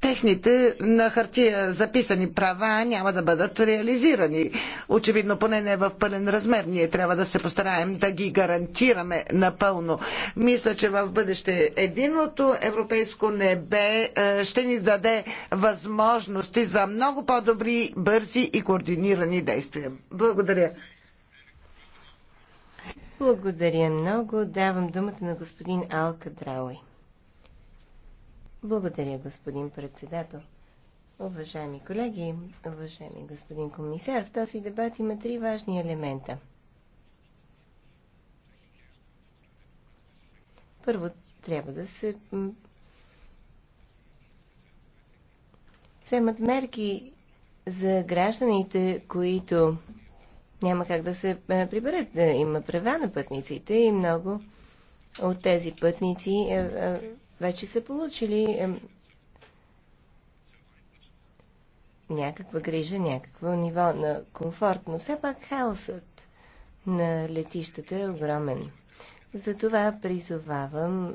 техните на хартия записани права няма да бъдат реализирани. Очевидно, поне не в пълен размер. Ние трябва да се постараем да ги гарантираме напълно. Мисля, че в бъдеще единото европейско небе ще ни даде възможности за много по-добри, бързи и координирани действия. Благодаря. Благодаря много. Давам думата на господин Алка Драуи. Благодаря, господин председател. Уважаеми колеги, уважаеми господин комисар, в този дебат има три важни елемента. Първо, трябва да се вземат мерки за гражданите, които няма как да се е, приберат. Е, има права на пътниците и много от тези пътници е, вече са получили някаква грижа, някакво ниво на комфорт, но все пак хаосът на летищата е огромен. Затова призовавам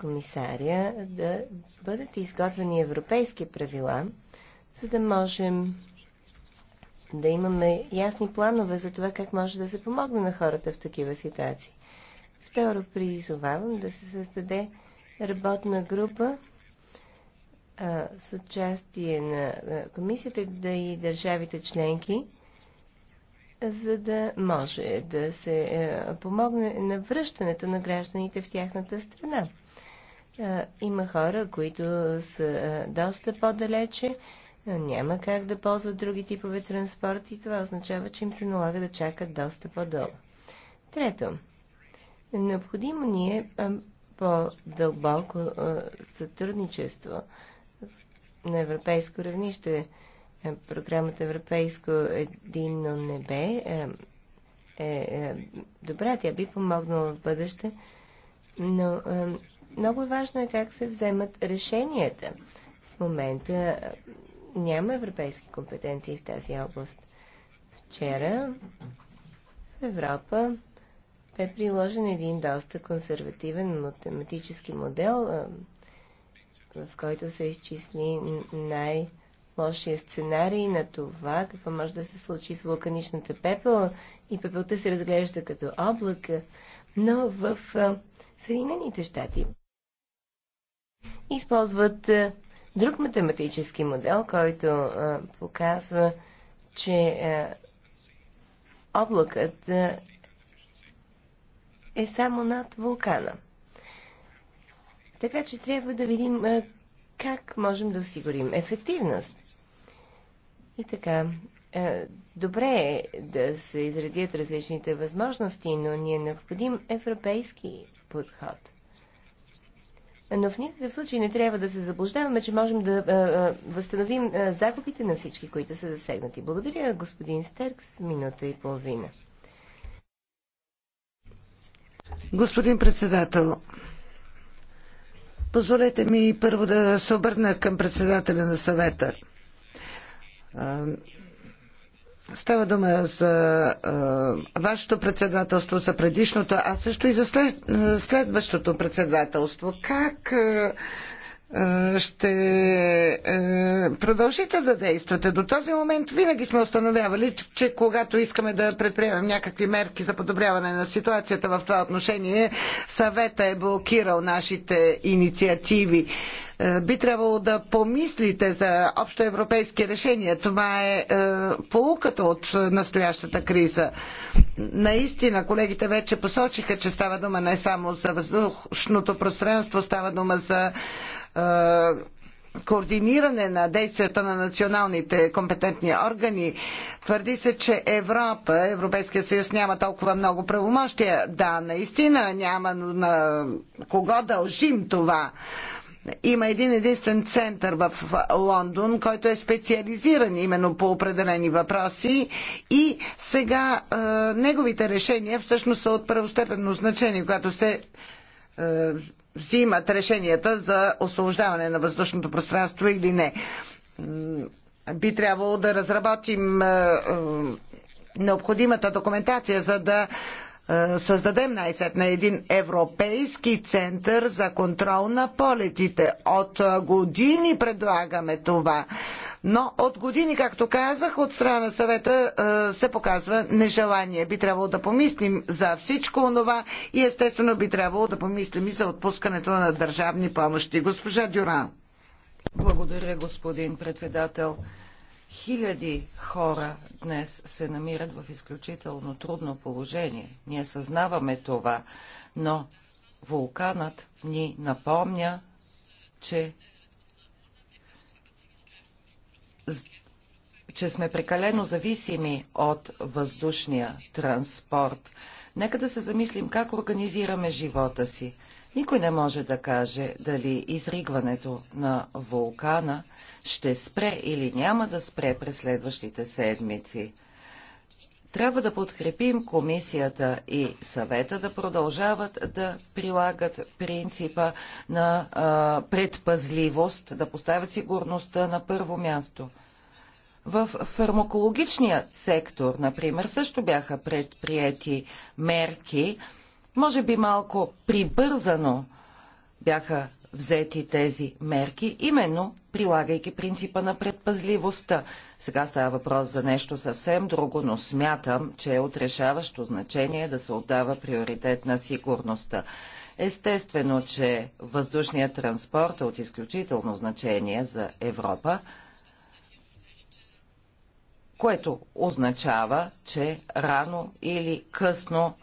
комисаря да бъдат изготвени европейски правила, за да можем да имаме ясни планове за това как може да се помогне на хората в такива ситуации. Второ, призовавам да се създаде работна група а, с участие на комисията да и държавите членки, за да може да се а, е, помогне на връщането на гражданите в тяхната страна. А, има хора, които са а, е, доста по-далече няма как да ползват други типове транспорт и това означава, че им се налага да чакат доста по-дълго. Трето, необходимо ни е по-дълбоко сътрудничество на европейско равнище. Е, програмата Европейско единно небе е, е, е добра, тя би помогнала в бъдеще, но е, много важно е как се вземат решенията. В момента няма европейски компетенции в тази област. Вчера в Европа бе приложен един доста консервативен математически модел, в който се изчисли най-лошия сценарий на това, какво може да се случи с вулканичната пепел и пепелта се разглежда като облак, но в Съединените щати използват друг математически модел, който а, показва, че а, облакът а, е само над вулкана. Така че трябва да видим а, как можем да осигурим ефективност. И така, а, добре е да се изредят различните възможности, но ни е необходим европейски подход – но в никакъв случай не трябва да се заблуждаваме, че можем да а, а, възстановим а, загубите на всички, които са засегнати. Благодаря, господин Стеркс. Минута и половина. Господин председател, позволете ми първо да се обърна към председателя на съвета. Става дума за а, вашето председателство, за предишното, а също и за след, следващото председателство. Как а, е, ще е, продължите да действате. До този момент винаги сме установявали, че когато искаме да предприемем някакви мерки за подобряване на ситуацията в това отношение, съвета е блокирал нашите инициативи. Е, би трябвало да помислите за общоевропейски решения. Това е полуката от настоящата криза. Наистина, колегите вече посочиха, че става дума не само за въздушното пространство, става дума за координиране на действията на националните компетентни органи. Твърди се, че Европа, Европейския съюз няма толкова много правомощия. Да, наистина няма на кого дължим това. Има един единствен център в Лондон, който е специализиран именно по определени въпроси и сега е, неговите решения всъщност са от първостепенно значение, когато се взимат решенията за освобождаване на въздушното пространство или не. Би трябвало да разработим е, е, необходимата документация, за да е, създадем най-сетне един европейски център за контрол на полетите. От е, години предлагаме това, но от години, както казах, от страна на съвета е, се показва нежелание. Би трябвало да помислим за всичко това и естествено би трябвало да помислим и за отпускането на държавни помощи. Госпожа Дюран. Благодаря, господин председател. Хиляди хора днес се намират в изключително трудно положение. Ние съзнаваме това, но вулканът ни напомня, че че сме прекалено зависими от въздушния транспорт. Нека да се замислим как организираме живота си. Никой не може да каже дали изригването на вулкана ще спре или няма да спре през следващите седмици. Трябва да подкрепим комисията и съвета да продължават да прилагат принципа на а, предпазливост, да поставят сигурността на първо място. В фармакологичния сектор, например, също бяха предприяти мерки, може би малко прибързано бяха взети тези мерки, именно прилагайки принципа на предпазливостта. Сега става въпрос за нещо съвсем друго, но смятам, че е отрешаващо значение да се отдава приоритет на сигурността. Естествено, че въздушният транспорт е от изключително значение за Европа, което означава, че рано или късно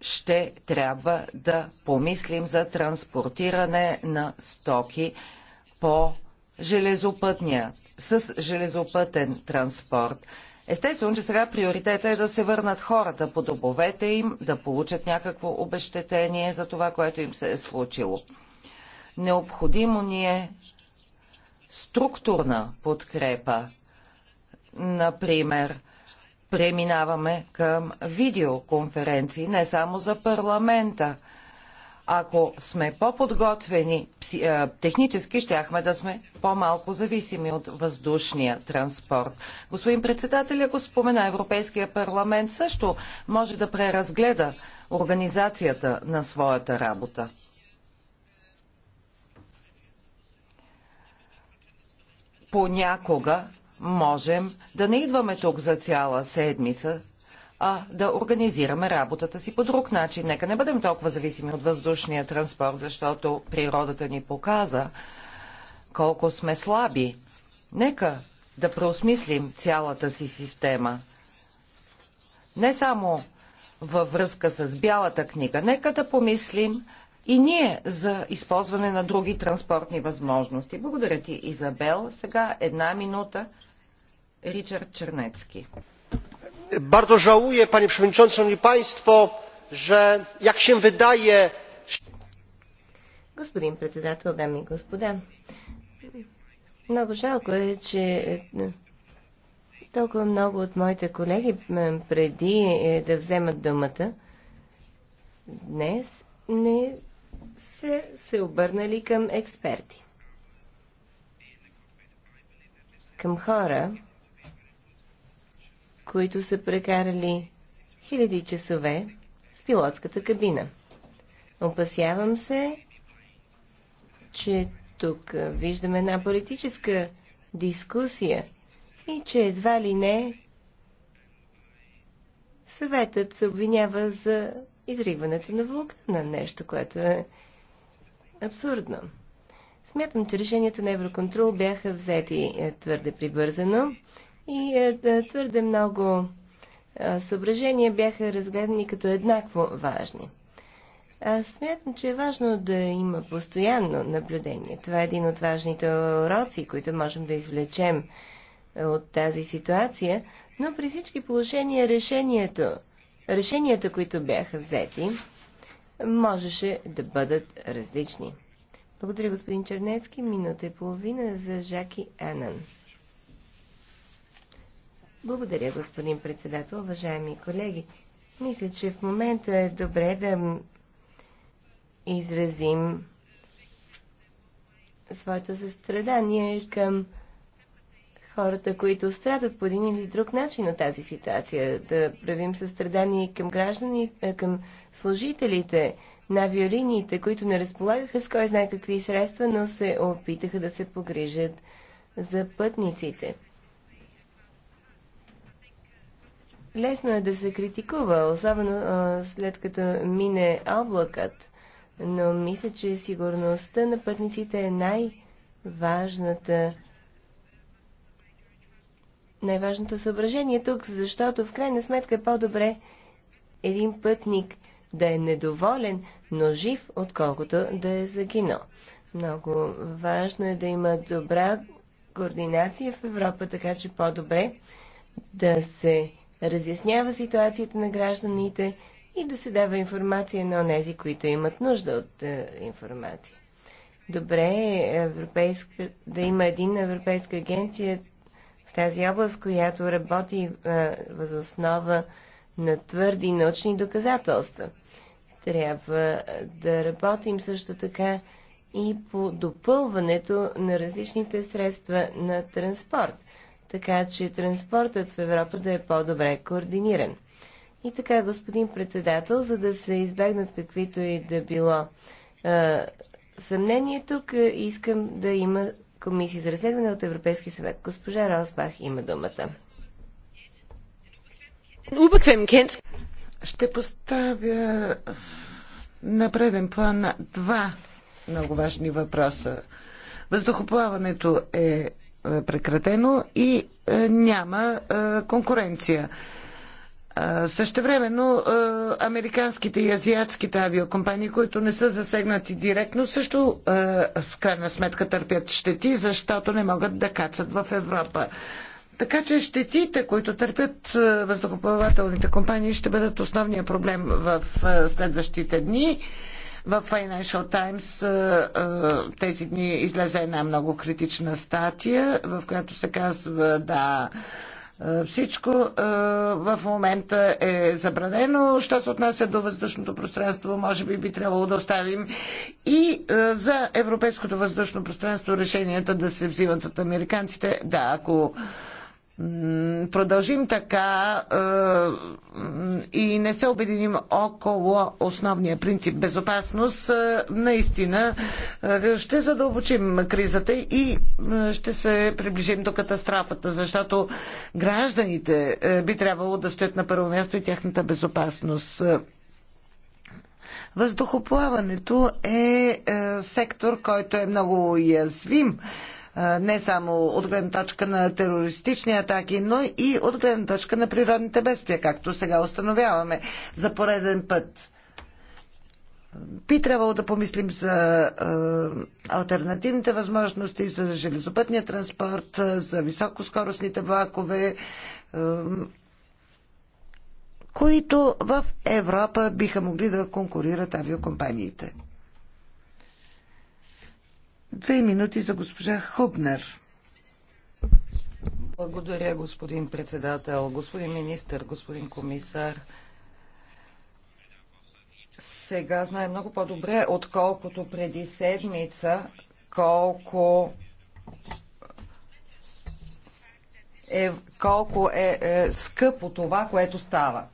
ще трябва да помислим за транспортиране на стоки по железопътния, с железопътен транспорт. Естествено, че сега приоритета е да се върнат хората по добовете им, да получат някакво обещетение за това, което им се е случило. Необходимо ни е структурна подкрепа. Например, преминаваме към видеоконференции, не само за парламента. Ако сме по-подготвени технически, щяхме да сме по-малко зависими от въздушния транспорт. Господин председател, ако спомена Европейския парламент също може да преразгледа организацията на своята работа. Понякога можем да не идваме тук за цяла седмица, а да организираме работата си по друг начин. Нека не бъдем толкова зависими от въздушния транспорт, защото природата ни показа колко сме слаби. Нека да преосмислим цялата си система. Не само във връзка с Бялата книга. Нека да помислим и ние за използване на други транспортни възможности. Благодаря ти, Изабел. Сега една минута Ричард Чернецки. Bardzo żałuję, panie przewodniczący, szanowni państwo, że jak się wydaje... Господин председател, дами и господа, много жалко е, че е, толкова много от моите колеги преди е, да вземат думата днес не са се обърнали към експерти. Към хора, които са прекарали хиляди часове в пилотската кабина. Опасявам се, че тук виждаме една политическа дискусия и че едва ли не съветът се обвинява за изригването на вулкана, нещо, което е абсурдно. Смятам, че решенията на Евроконтрол бяха взети е, твърде прибързано и е, твърде много съображения бяха разгледани като еднакво важни. Аз смятам, че е важно да има постоянно наблюдение. Това е един от важните уроци, които можем да извлечем е, от тази ситуация, но при всички положения решението, решенията, които бяха взети, можеше да бъдат различни. Благодаря, господин Чернецки. Минута и половина за Жаки Анан. Благодаря, господин председател. Уважаеми колеги, мисля, че в момента е добре да изразим своето състрадание към хората, които страдат по един или друг начин от тази ситуация. Да правим състрадание към гражданите, към служителите на авиолиниите, които не разполагаха с кой знае какви средства, но се опитаха да се погрижат за пътниците. Лесно е да се критикува, особено а, след като мине облакът, но мисля, че сигурността на пътниците е най-важната най-важното съображение тук, защото в крайна сметка е по-добре един пътник да е недоволен, но жив, отколкото да е загинал. Много важно е да има добра координация в Европа, така че по-добре да се разяснява ситуацията на гражданите и да се дава информация на онези, които имат нужда от е, информация. Добре е европейска, да има един европейска агенция в тази област, която работи е, възоснова на твърди научни доказателства. Трябва е, да работим също така и по допълването на различните средства на транспорт – така че транспортът в Европа да е по-добре координиран. И така, господин председател, за да се избегнат каквито и да било е, съмнение тук, е, искам да има комисия за разследване от Европейски съвет. Госпожа Росбах има думата. Ще поставя на преден план два много важни въпроса. Въздухоплаването е е, прекратено и е, няма е, конкуренция. времено американските и азиатските авиокомпании, които не са засегнати директно, също в крайна сметка търпят щети, защото не могат да кацат в Европа. Така че щетите, които търпят въздухоплавателните компании, ще бъдат основния проблем в следващите дни. В Financial Times тези дни излезе една много критична статия, в която се казва да всичко в момента е забранено. Що се отнася до въздушното пространство, може би би трябвало да оставим и за европейското въздушно пространство решенията да се взимат от американците. Да, ако продължим така е, и не се обединим около основния принцип безопасност, е, наистина е, ще задълбочим кризата и ще се приближим до катастрофата, защото гражданите би трябвало да стоят на първо място и тяхната безопасност. Въздухоплаването е сектор, който е много уязвим не само от гледна точка на терористични атаки, но и от гледна точка на природните бедствия, както сега установяваме за пореден път. Би трябвало да помислим за е, альтернативните възможности, за железопътния транспорт, за високоскоростните влакове, е, които в Европа биха могли да конкурират авиокомпаниите. Две минути за госпожа Хубнер. Благодаря, господин председател, господин министр, господин комисар. Сега знае много по-добре, отколкото преди седмица, колко е, колко е, е скъпо това, което става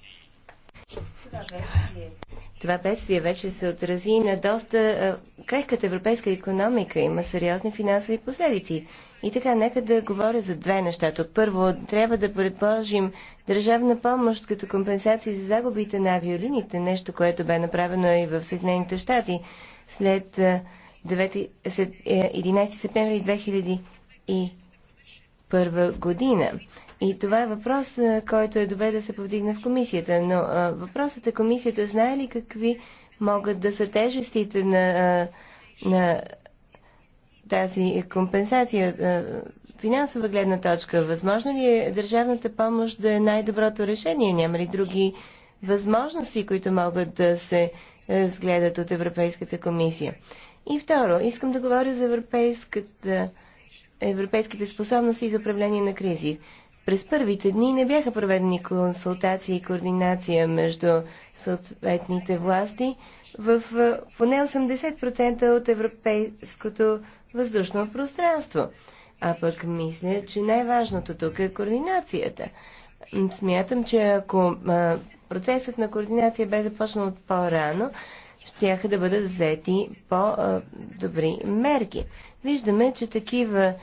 това бедствие вече се отрази на доста крехката европейска економика. Има сериозни финансови последици. И така, нека да говоря за две неща. Тук първо, трябва да предложим държавна помощ като компенсации за загубите на авиолините, нещо, което бе направено и в Съединените щати след 9, 11 е, септември 2001 година. И това е въпрос, който е добре да се повдигне в комисията. Но а, въпросът е комисията знае ли какви могат да са тежестите на, а, на тази компенсация финансова гледна точка. Възможно ли е държавната помощ да е най-доброто решение? Няма ли други възможности, които могат да се разгледат от Европейската комисия? И второ, искам да говоря за европейската, европейските способности за управление на кризи. През първите дни не бяха проведени консултации и координация между съответните власти в поне 80% от европейското въздушно пространство. А пък мисля, че най-важното тук е координацията. Смятам, че ако процесът на координация бе започнал по-рано, ще да бъдат взети по-добри мерки. Виждаме, че такива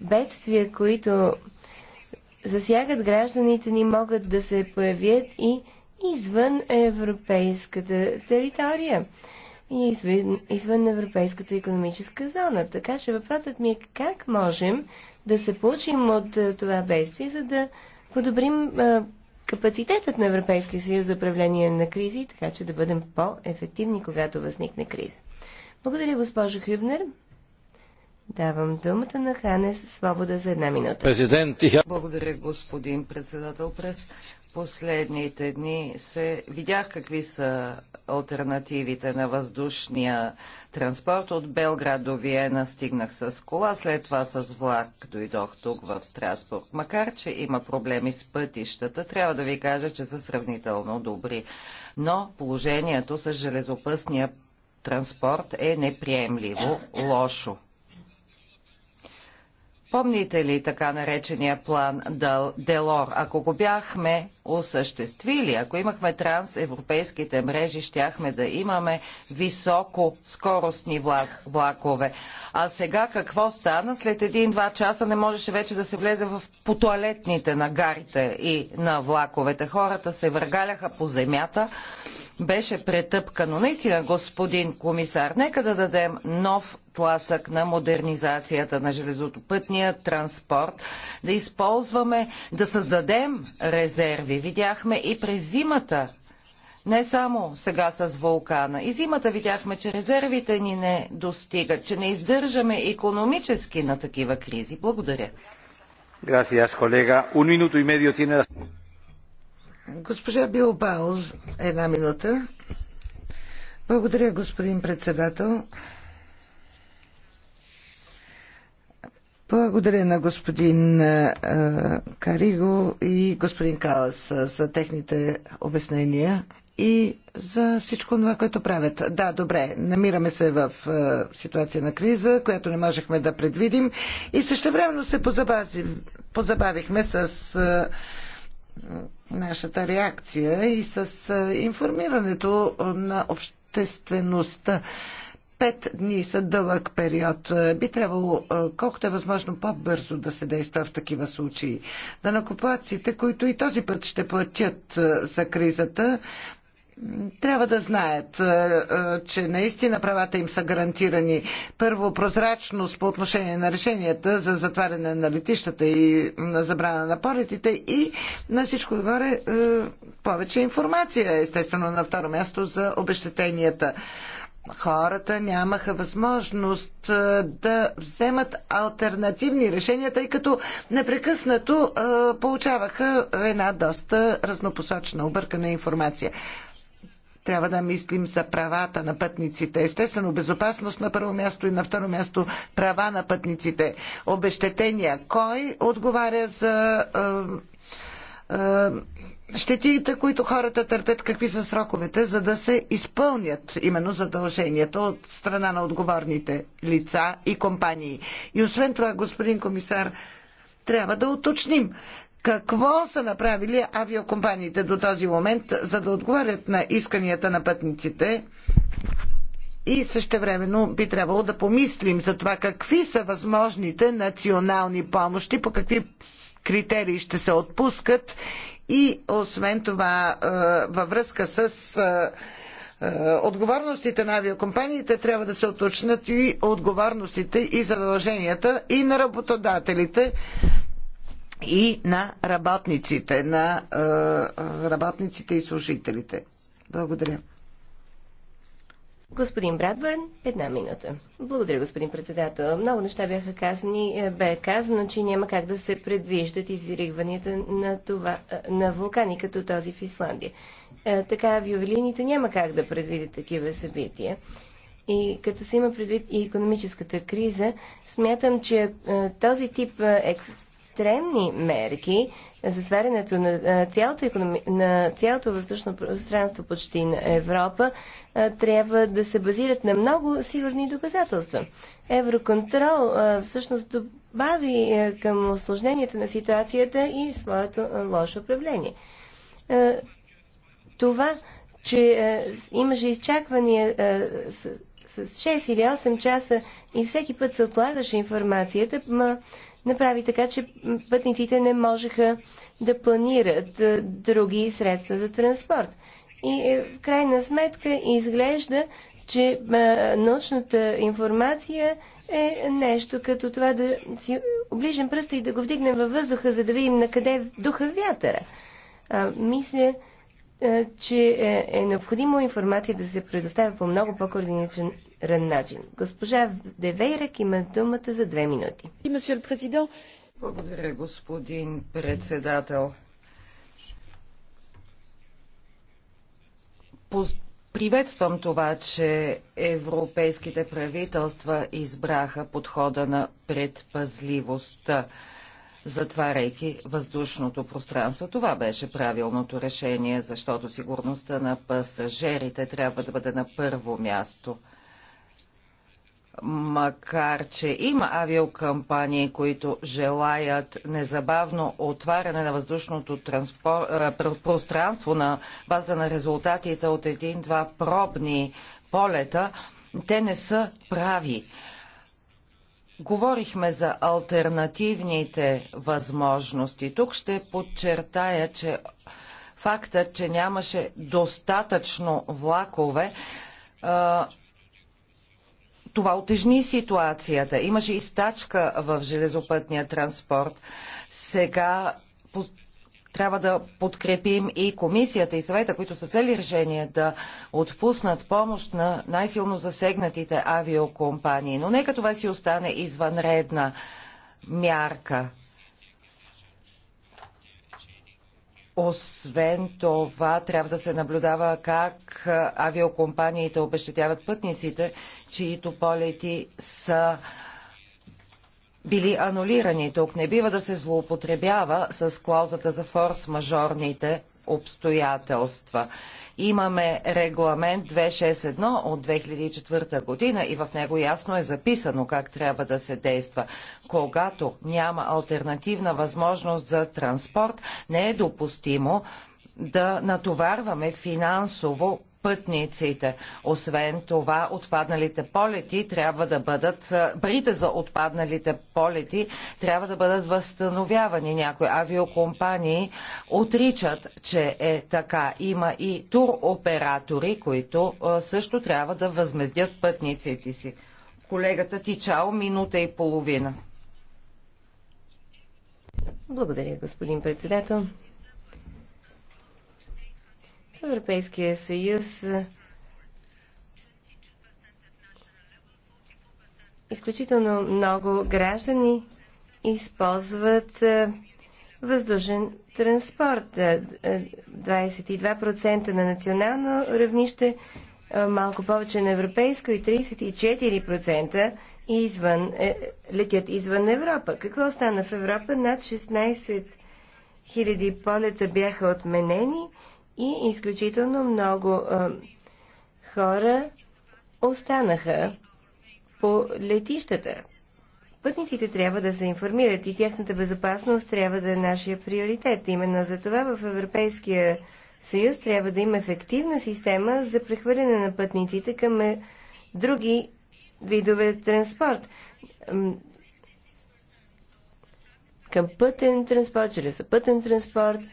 бедствия, които засягат гражданите ни, могат да се появят и извън европейската територия и извън, извън европейската економическа зона. Така че въпросът ми е как можем да се получим от това бедствие, за да подобрим а, капацитетът на Европейския съюз за управление на кризи, така че да бъдем по-ефективни, когато възникне криза. Благодаря, госпожо Хюбнер. Давам думата на Ханес Свобода за една минута. Президент... Благодаря, господин председател. През последните дни се видях какви са альтернативите на въздушния транспорт. От Белград до Виена стигнах с кола, след това с влак дойдох тук в Страсбург. Макар, че има проблеми с пътищата, трябва да ви кажа, че са сравнително добри. Но положението с железопътния транспорт е неприемливо лошо. Помните ли така наречения план Делор? Ако го бяхме осъществили, ако имахме трансевропейските мрежи, щяхме да имаме високо скоростни влакове. А сега какво стана? След един-два часа не можеше вече да се влезе в, по туалетните на гарите и на влаковете. Хората се въргаляха по земята беше претъпкано. Наистина, господин комисар, нека да дадем нов тласък на модернизацията на железопътния транспорт, да използваме, да създадем резерви. Видяхме и през зимата не само сега с вулкана. И зимата видяхме, че резервите ни не достигат, че не издържаме економически на такива кризи. Благодаря. Gracias, колега. Un minuto y medio tiene Госпожа Билбао, една минута. Благодаря, господин председател. Благодаря на господин Кариго и господин Калас за техните обяснения и за всичко това, което правят. Да, добре, намираме се в ситуация на криза, която не можехме да предвидим и същевременно се позабавихме с нашата реакция и с информирането на обществеността. Пет дни са дълъг период. Би трябвало колкото е възможно по-бързо да се действа в такива случаи. Да накупаците, които и този път ще платят за кризата, трябва да знаят, е, е, че наистина правата им са гарантирани. Първо, прозрачност по отношение на решенията за затваряне на летищата и на забрана на полетите и на всичко горе е, повече информация, естествено на второ място за обещетенията. Хората нямаха възможност да вземат альтернативни решения, тъй като непрекъснато получаваха една доста разнопосочна, объркана информация. Трябва да мислим за правата на пътниците. Естествено, безопасност на първо място и на второ място права на пътниците. Обещетения. Кой отговаря за е, е, щетите, които хората търпят? Какви са сроковете, за да се изпълнят именно задълженията от страна на отговорните лица и компании? И освен това, господин комисар, трябва да уточним какво са направили авиокомпаниите до този момент, за да отговарят на исканията на пътниците и същевременно би трябвало да помислим за това какви са възможните национални помощи, по какви критерии ще се отпускат и освен това е, във връзка с е, е, отговорностите на авиокомпаниите трябва да се уточнят и отговорностите и задълженията и на работодателите и на работниците, на е, е, работниците и служителите. Благодаря. Господин Брадбърн, една минута. Благодаря, господин председател. Много неща бяха казани. Е, бе казано, че няма как да се предвиждат извиригванията на, това, на вулкани, като този в Исландия. Така, в ювелините няма как да предвидят такива събития. И като се има предвид и економическата криза, смятам, че този тип екс екстремни мерки, сварянето на цялото, економи... на цялото въздушно пространство почти на Европа, трябва да се базират на много сигурни доказателства. Евроконтрол всъщност добави към осложненията на ситуацията и своето лошо управление. Това, че имаше изчаквания с 6 или 8 часа и всеки път се отлагаше информацията, ма, направи така, че пътниците не можеха да планират други средства за транспорт. И е, в крайна сметка изглежда, че научната информация е нещо като това да си оближем пръста и да го вдигнем във въздуха, за да видим на къде духа вятъра. А, мисля, е, че е, е необходимо информация да се предоставя по много по-координичен начин. Госпожа Девейрак има думата за две минути. Благодаря, господин председател. Приветствам това, че европейските правителства избраха подхода на предпазливостта затваряйки въздушното пространство. Това беше правилното решение, защото сигурността на пасажирите трябва да бъде на първо място макар че има авиокампании, които желаят незабавно отваряне на въздушното транспор... пространство на база на резултатите от един-два пробни полета, те не са прави. Говорихме за альтернативните възможности. Тук ще подчертая, че фактът, че нямаше достатъчно влакове, това отежни ситуацията. Имаше и стачка в железопътния транспорт. Сега трябва да подкрепим и комисията и съвета, които са взели решение да отпуснат помощ на най-силно засегнатите авиокомпании. Но нека това си остане извънредна мярка. Освен това, трябва да се наблюдава как авиокомпаниите обещетяват пътниците, чието полети са били анулирани. Тук не бива да се злоупотребява с клаузата за форс-мажорните обстоятелства. Имаме регламент 261 от 2004 година и в него ясно е записано как трябва да се действа. Когато няма альтернативна възможност за транспорт, не е допустимо да натоварваме финансово пътниците. Освен това, отпадналите полети трябва да бъдат, парите за отпадналите полети трябва да бъдат възстановявани. Някои авиокомпании отричат, че е така. Има и туроператори, които също трябва да възмездят пътниците си. Колегата ти чао, минута и половина. Благодаря, господин председател. В Европейския съюз е, изключително много граждани използват е, въздушен транспорт. 22% е, на национално равнище, малко повече на европейско и 34% извън, летят извън Европа. Какво стана в Европа? Над 16 000 полета бяха отменени и изключително много а, хора останаха по летищата. Пътниците трябва да се информират и тяхната безопасност трябва да е нашия приоритет. Именно за това в Европейския съюз трябва да има ефективна система за прехвърляне на пътниците към е, други видове транспорт. Към пътен транспорт, чрез пътен транспорт –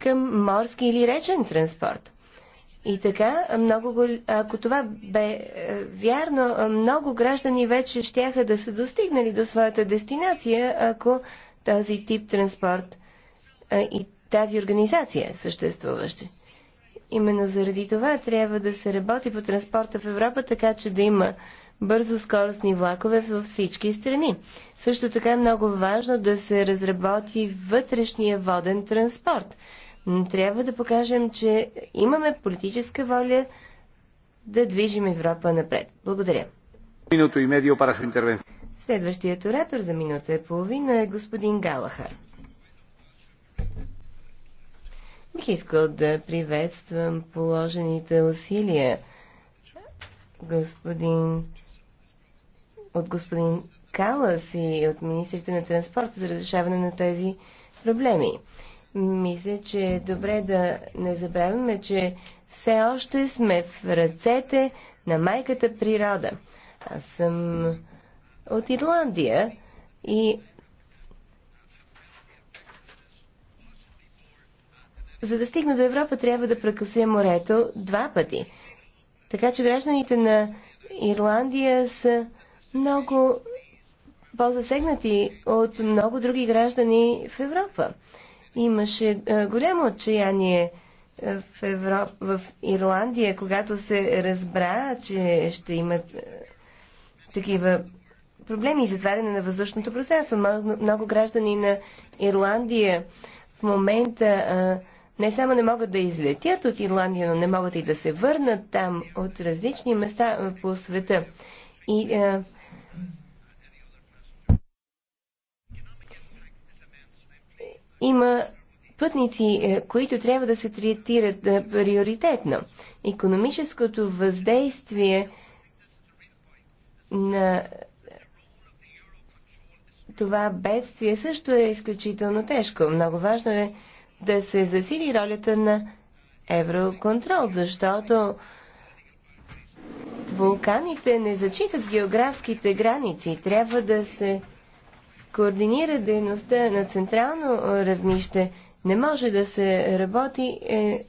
към морски или речен транспорт. И така, много, ако това бе е, вярно, много граждани вече щяха да са достигнали до своята дестинация, ако този тип транспорт е, и тази организация е съществуваше. Именно заради това трябва да се работи по транспорта в Европа, така че да има бързо скоростни влакове във всички страни. Също така е много важно да се разработи вътрешния воден транспорт – но трябва да покажем, че имаме политическа воля да движим Европа напред. Благодаря. Минуто и медио пара su Следващият оратор за минута и половина е господин Галахар. Бих искал да приветствам положените усилия господин, от господин Калас и от министрите на транспорта за разрешаване на тези проблеми. Мисля, че е добре да не забравяме, че все още сме в ръцете на майката природа. Аз съм от Ирландия и За да стигна до Европа, трябва да прекъсвя морето два пъти. Така че гражданите на Ирландия са много по-засегнати от много други граждани в Европа. Имаше е, голямо отчаяние е, в, Европ... в Ирландия, когато се разбра, че ще имат е, такива проблеми и затваряне на въздушното пространство. Много граждани на Ирландия в момента не само не могат да излетят от Ирландия, но не могат и да се върнат там от различни места по света. И а, Има пътници, е, които трябва да се третират е, приоритетно. Економическото въздействие на това бедствие също е изключително тежко. Много важно е да се засили ролята на евроконтрол, защото вулканите не зачитат географските граници. Трябва да се координира дейността на централно равнище, не може да се работи е,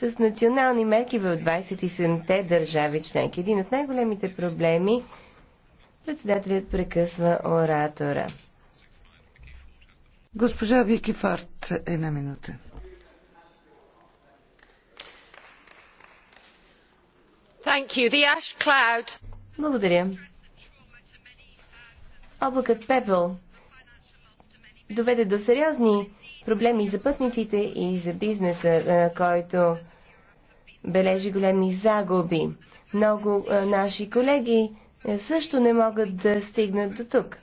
с национални мерки в 27-те държави членки. Един от най-големите проблеми председателят прекъсва оратора. Госпожа Вики Фарт, една минута. Thank you. The ash cloud. Благодаря. Облакът пепел доведе до сериозни проблеми за пътниците и за бизнеса, е, който бележи големи загуби. Много е, наши колеги е, също не могат да стигнат до тук.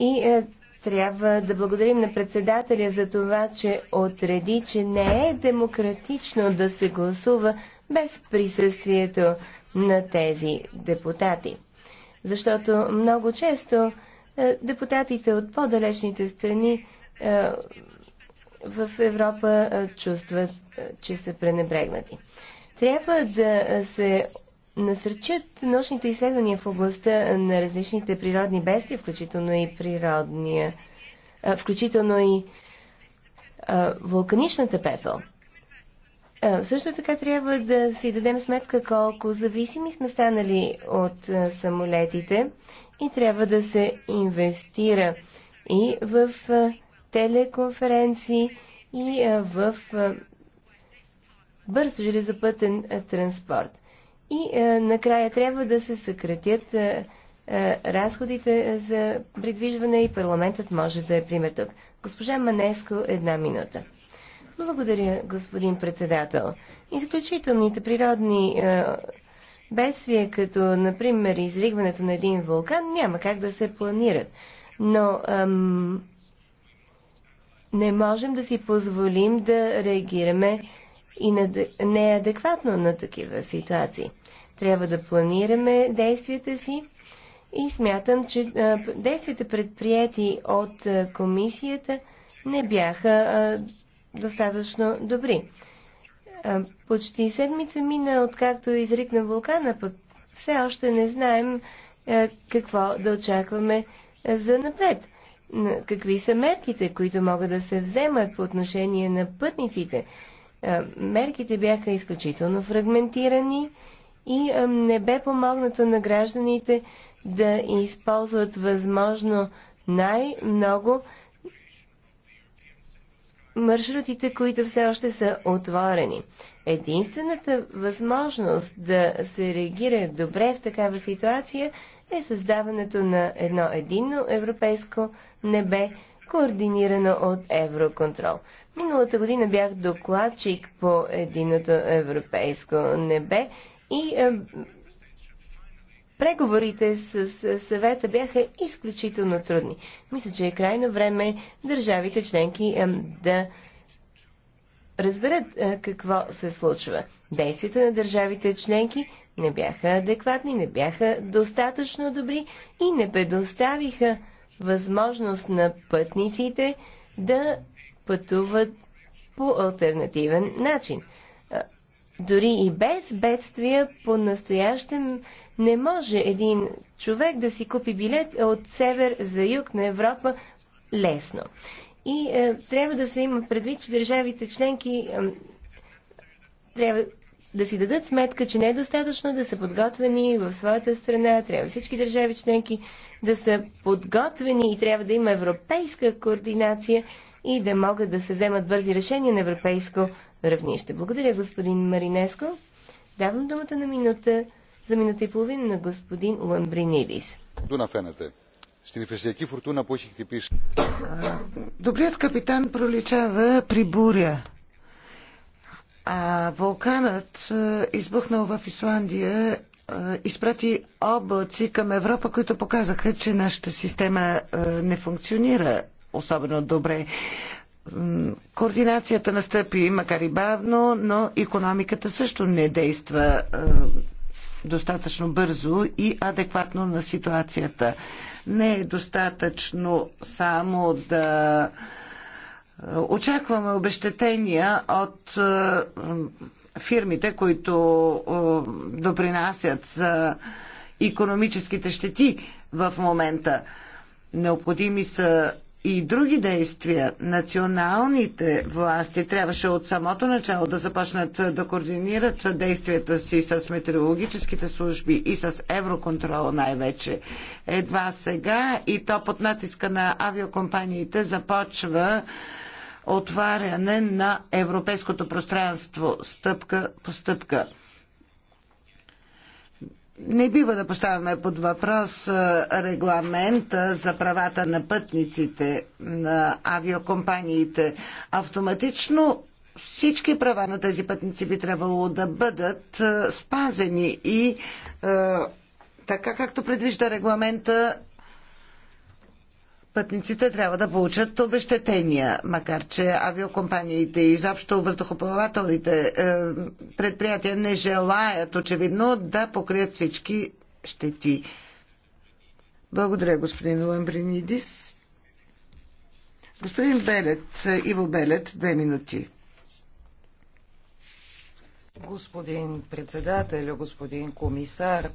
И е, трябва да благодарим на председателя за това, че отреди, че не е демократично да се гласува без присъствието на тези депутати. Защото много често е, депутатите от по-далечните страни е, в Европа е, чувстват, че са пренебрегнати. Трябва да се насърчат научните изследвания в областта на различните природни бедствия, включително и природния, включително и вулканичната пепел. Също така трябва да си дадем сметка колко зависими сме станали от самолетите и трябва да се инвестира и в телеконференции, и в бърз железопътен транспорт. И накрая трябва да се съкратят разходите за придвижване и парламентът може да е пример тук. Госпожа Манеско, една минута. Благодаря, господин председател. Изключителните природни бедствия, като, например, изригването на един вулкан, няма как да се планират. Но ам, не можем да си позволим да реагираме и неадекватно на такива ситуации. Трябва да планираме действията си и смятам, че а, действията предприяти от а, комисията не бяха а, достатъчно добри. Почти седмица мина, откакто изрикна вулкана, пък все още не знаем какво да очакваме за напред. Какви са мерките, които могат да се вземат по отношение на пътниците? Мерките бяха изключително фрагментирани и не бе помогнато на гражданите да използват възможно най-много маршрутите, които все още са отворени. Единствената възможност да се реагира добре в такава ситуация е създаването на едно единно европейско небе, координирано от Евроконтрол. Миналата година бях докладчик по единното европейско небе и е, преговорите с, съвета бяха изключително трудни. Мисля, че е крайно време държавите членки да разберат какво се случва. Действията на държавите членки не бяха адекватни, не бяха достатъчно добри и не предоставиха възможност на пътниците да пътуват по альтернативен начин. Дори и без бедствия, по настоящем не може един човек да си купи билет от север за юг на Европа лесно. И е, трябва да се има предвид, че държавите членки е, трябва да си дадат сметка, че не е достатъчно да са подготвени в своята страна. Трябва всички държави членки да са подготвени и трябва да има европейска координация и да могат да се вземат бързи решения на европейско равнище. Благодаря, господин Маринеско. Давам думата на минута за минута и половина на господин Ламбринидис. Дуна фенете. Στην ηφαιστειακή φουρτούνα που έχει χτυπήσει. Добрият капитан проличава при буря. А вулканът избухнал в Исландия изпрати облаци към Европа, които показаха, че нашата система не функционира особено добре. Координацията настъпи, макар и бавно, но економиката също не действа достатъчно бързо и адекватно на ситуацията. Не е достатъчно само да е, очакваме обещетения от е, фирмите, които е, допринасят за економическите щети в момента. Необходими са и други действия. Националните власти трябваше от самото начало да започнат да координират действията си с метеорологическите служби и с Евроконтрол най-вече. Едва сега и то под натиска на авиокомпаниите започва отваряне на европейското пространство стъпка по стъпка. Не бива да поставяме под въпрос регламента за правата на пътниците на авиокомпаниите. Автоматично всички права на тези пътници би трябвало да бъдат спазени и така както предвижда регламента пътниците трябва да получат обещетения, макар че авиокомпаниите и изобщо въздухоплавателните е, предприятия не желаят очевидно да покрият всички щети. Благодаря, господин Ламбринидис. Господин Белет, Иво Белет, две минути. Господин председател, господин комисар,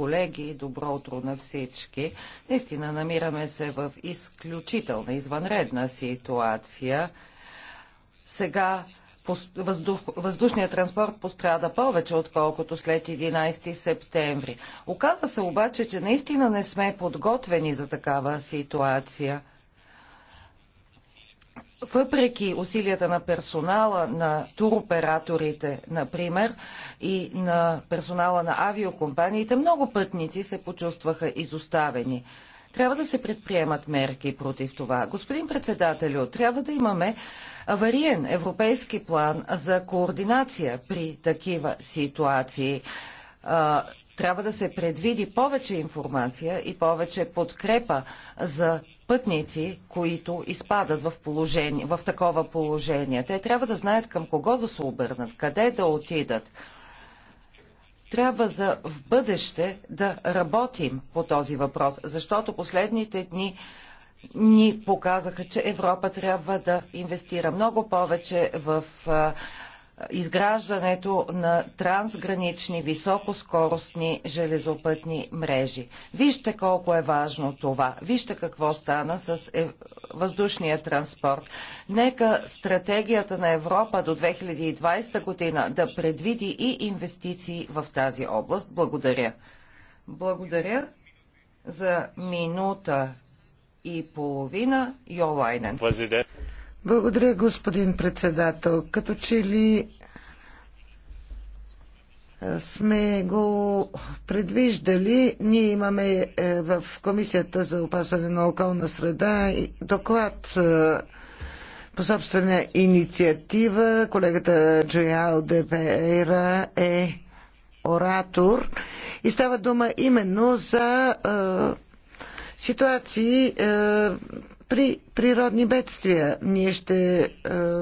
колеги, добро утро на всички. Наистина намираме се в изключителна, извънредна ситуация. Сега въздух, въздушният транспорт пострада повече, отколкото след 11 септември. Оказва се обаче, че наистина не сме подготвени за такава ситуация въпреки усилията на персонала на туроператорите, например, и на персонала на авиокомпаниите, много пътници се почувстваха изоставени. Трябва да се предприемат мерки против това. Господин председателю, трябва да имаме авариен европейски план за координация при такива ситуации. Трябва да се предвиди повече информация и повече подкрепа за пътници, които изпадат в, положение, в такова положение. Те трябва да знаят към кого да се обърнат, къде да отидат. Трябва за в бъдеще да работим по този въпрос, защото последните дни ни показаха, че Европа трябва да инвестира много повече в изграждането на трансгранични високоскоростни железопътни мрежи. Вижте колко е важно това. Вижте какво стана с е, въздушния транспорт. Нека стратегията на Европа до 2020 година да предвиди и инвестиции в тази област. Благодаря. Благодаря за минута и половина Йолайнен. Президент. Благодаря, господин председател. Като че ли е, сме го предвиждали. Ние имаме е, в Комисията за опазване на околна среда доклад е, по собствена инициатива. Колегата Джоял де е оратор и става дума именно за ситуации, при природни бедствия. Ние ще е,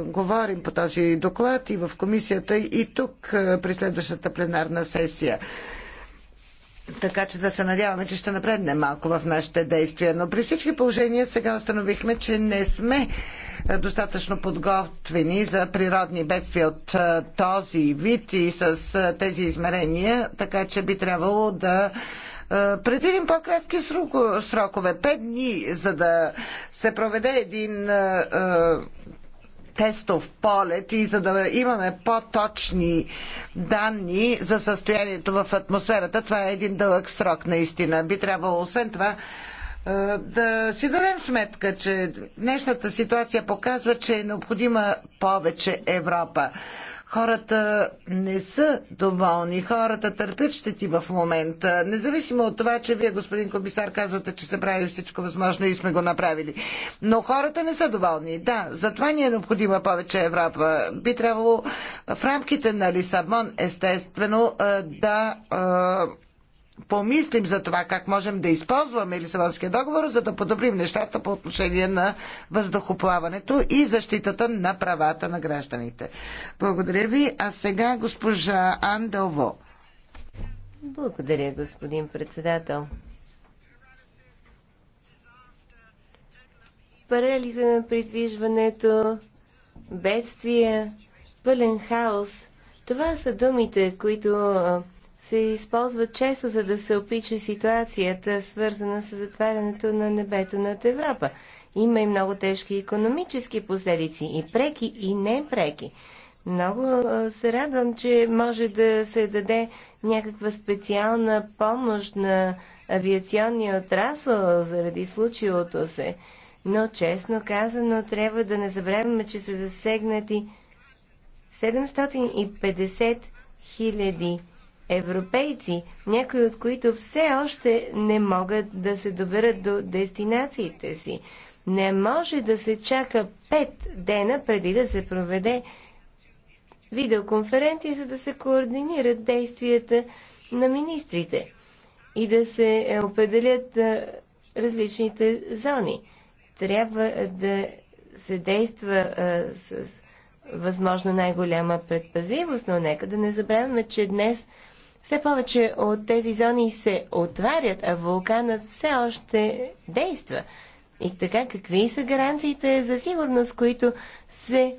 говорим по този доклад и в комисията, и тук е, при следващата пленарна сесия. Така че да се надяваме, че ще напреднем малко в нашите действия. Но при всички положения сега установихме, че не сме е, достатъчно подготвени за природни бедствия от е, този вид и с е, тези измерения, така че би трябвало да е, предвидим по-кратки срокове, пет дни, за да се проведе един е, е, тестов полет и за да имаме по-точни данни за състоянието в атмосферата, това е един дълъг срок наистина. Би трябвало освен това да си дадем сметка, че днешната ситуация показва, че е необходима повече Европа. Хората не са доволни, хората търпят щети в момента. Независимо от това, че вие, господин комисар, казвате, че се прави всичко възможно и сме го направили. Но хората не са доволни. Да, затова ни е необходима повече Европа. Би трябвало в рамките на Лисабон, естествено, да помислим за това как можем да използваме Лисабонския договор, за да подобрим нещата по отношение на въздухоплаването и защитата на правата на гражданите. Благодаря ви. А сега госпожа Анделво. Благодаря, господин председател. Парализа на придвижването, бедствия, пълен хаос. Това са думите, които се използват често, за да се опича ситуацията, свързана с затварянето на небето над Европа. Има и много тежки економически последици, и преки, и непреки. Много се радвам, че може да се даде някаква специална помощ на авиационния отрасъл заради случилото се. Но честно казано, трябва да не забравяме, че са засегнати 750 хиляди европейци, някои от които все още не могат да се доберат до дестинациите си. Не може да се чака пет дена преди да се проведе видеоконференция, за да се координират действията на министрите и да се е, определят е, различните зони. Трябва да се действа е, с възможно най-голяма предпазливост, но нека да не забравяме, че днес все повече от тези зони се отварят, а вулканът все още действа. И така, какви са гаранциите за сигурност, които се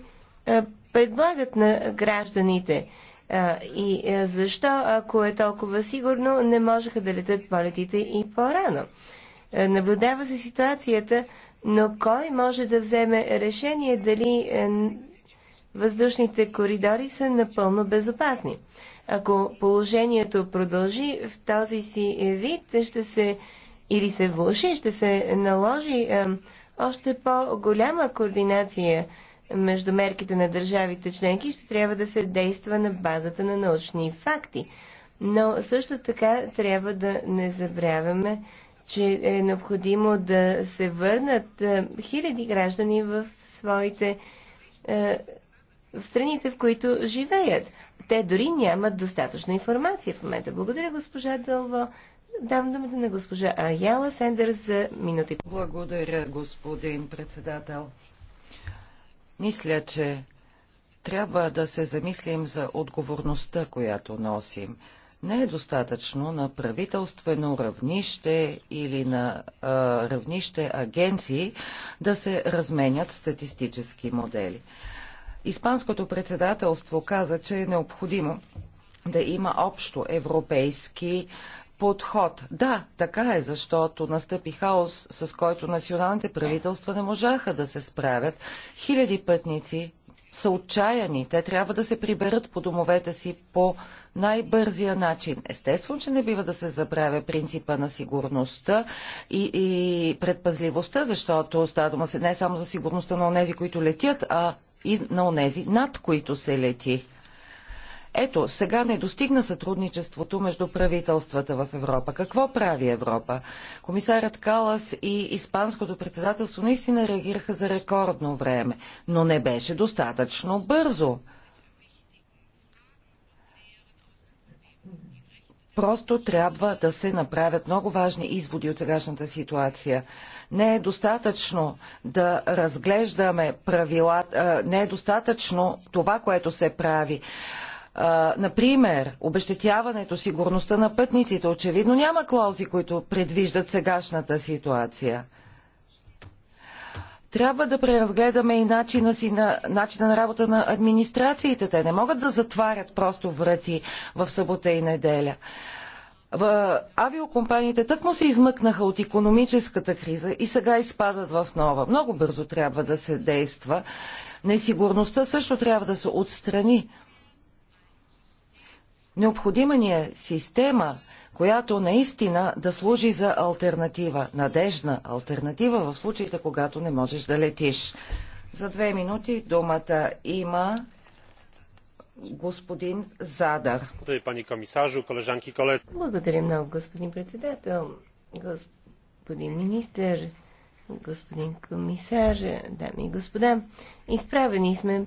а, предлагат на гражданите? А, и а, защо, ако е толкова сигурно, не можеха да летат полетите и по-рано? наблюдава се ситуацията, но кой може да вземе решение дали е, въздушните коридори са напълно безопасни? Ако положението продължи в този си вид, ще се или се влуши, ще се наложи а, още по-голяма координация между мерките на държавите членки, ще трябва да се действа на базата на научни факти. Но също така трябва да не забравяме, че е необходимо да се върнат а, хиляди граждани в своите а, в страните, в които живеят те дори нямат достатъчно информация в момента. Благодаря, госпожа Дълво. Дам думата на госпожа Аяла Сендер за минути. Благодаря, господин председател. Мисля, че трябва да се замислим за отговорността, която носим. Не е достатъчно на правителствено равнище или на а, равнище агенции да се разменят статистически модели. Испанското председателство каза, че е необходимо да има общо европейски подход. Да, така е, защото настъпи хаос, с който националните правителства не можаха да се справят. Хиляди пътници са отчаяни. Те трябва да се приберат по домовете си по най-бързия начин. Естествено, че не бива да се забравя принципа на сигурността и, и предпазливостта, защото става дума се не само за сигурността на онези, които летят, а и на онези, над които се лети. Ето, сега не достигна сътрудничеството между правителствата в Европа. Какво прави Европа? Комисарят Калас и Испанското председателство наистина реагираха за рекордно време, но не беше достатъчно бързо. Просто трябва да се направят много важни изводи от сегашната ситуация. Не е достатъчно да разглеждаме правилата, не е достатъчно това, което се прави например, обещетяването, сигурността на пътниците, очевидно няма клаузи, които предвиждат сегашната ситуация. Трябва да преразгледаме и начина, си на, начина на работа на администрациите. Те не могат да затварят просто врати в събота и неделя. В авиокомпаниите тък му се измъкнаха от економическата криза и сега изпадат в нова. Много бързо трябва да се действа. Несигурността също трябва да се отстрани. Необходима ни е система, която наистина да служи за альтернатива, надежна альтернатива в случаите, когато не можеш да летиш. За две минути думата има господин Задар. Пани комисажу, колежанки, Благодаря много, господин председател, господин министр, господин комисар, дами и господа. Изправени сме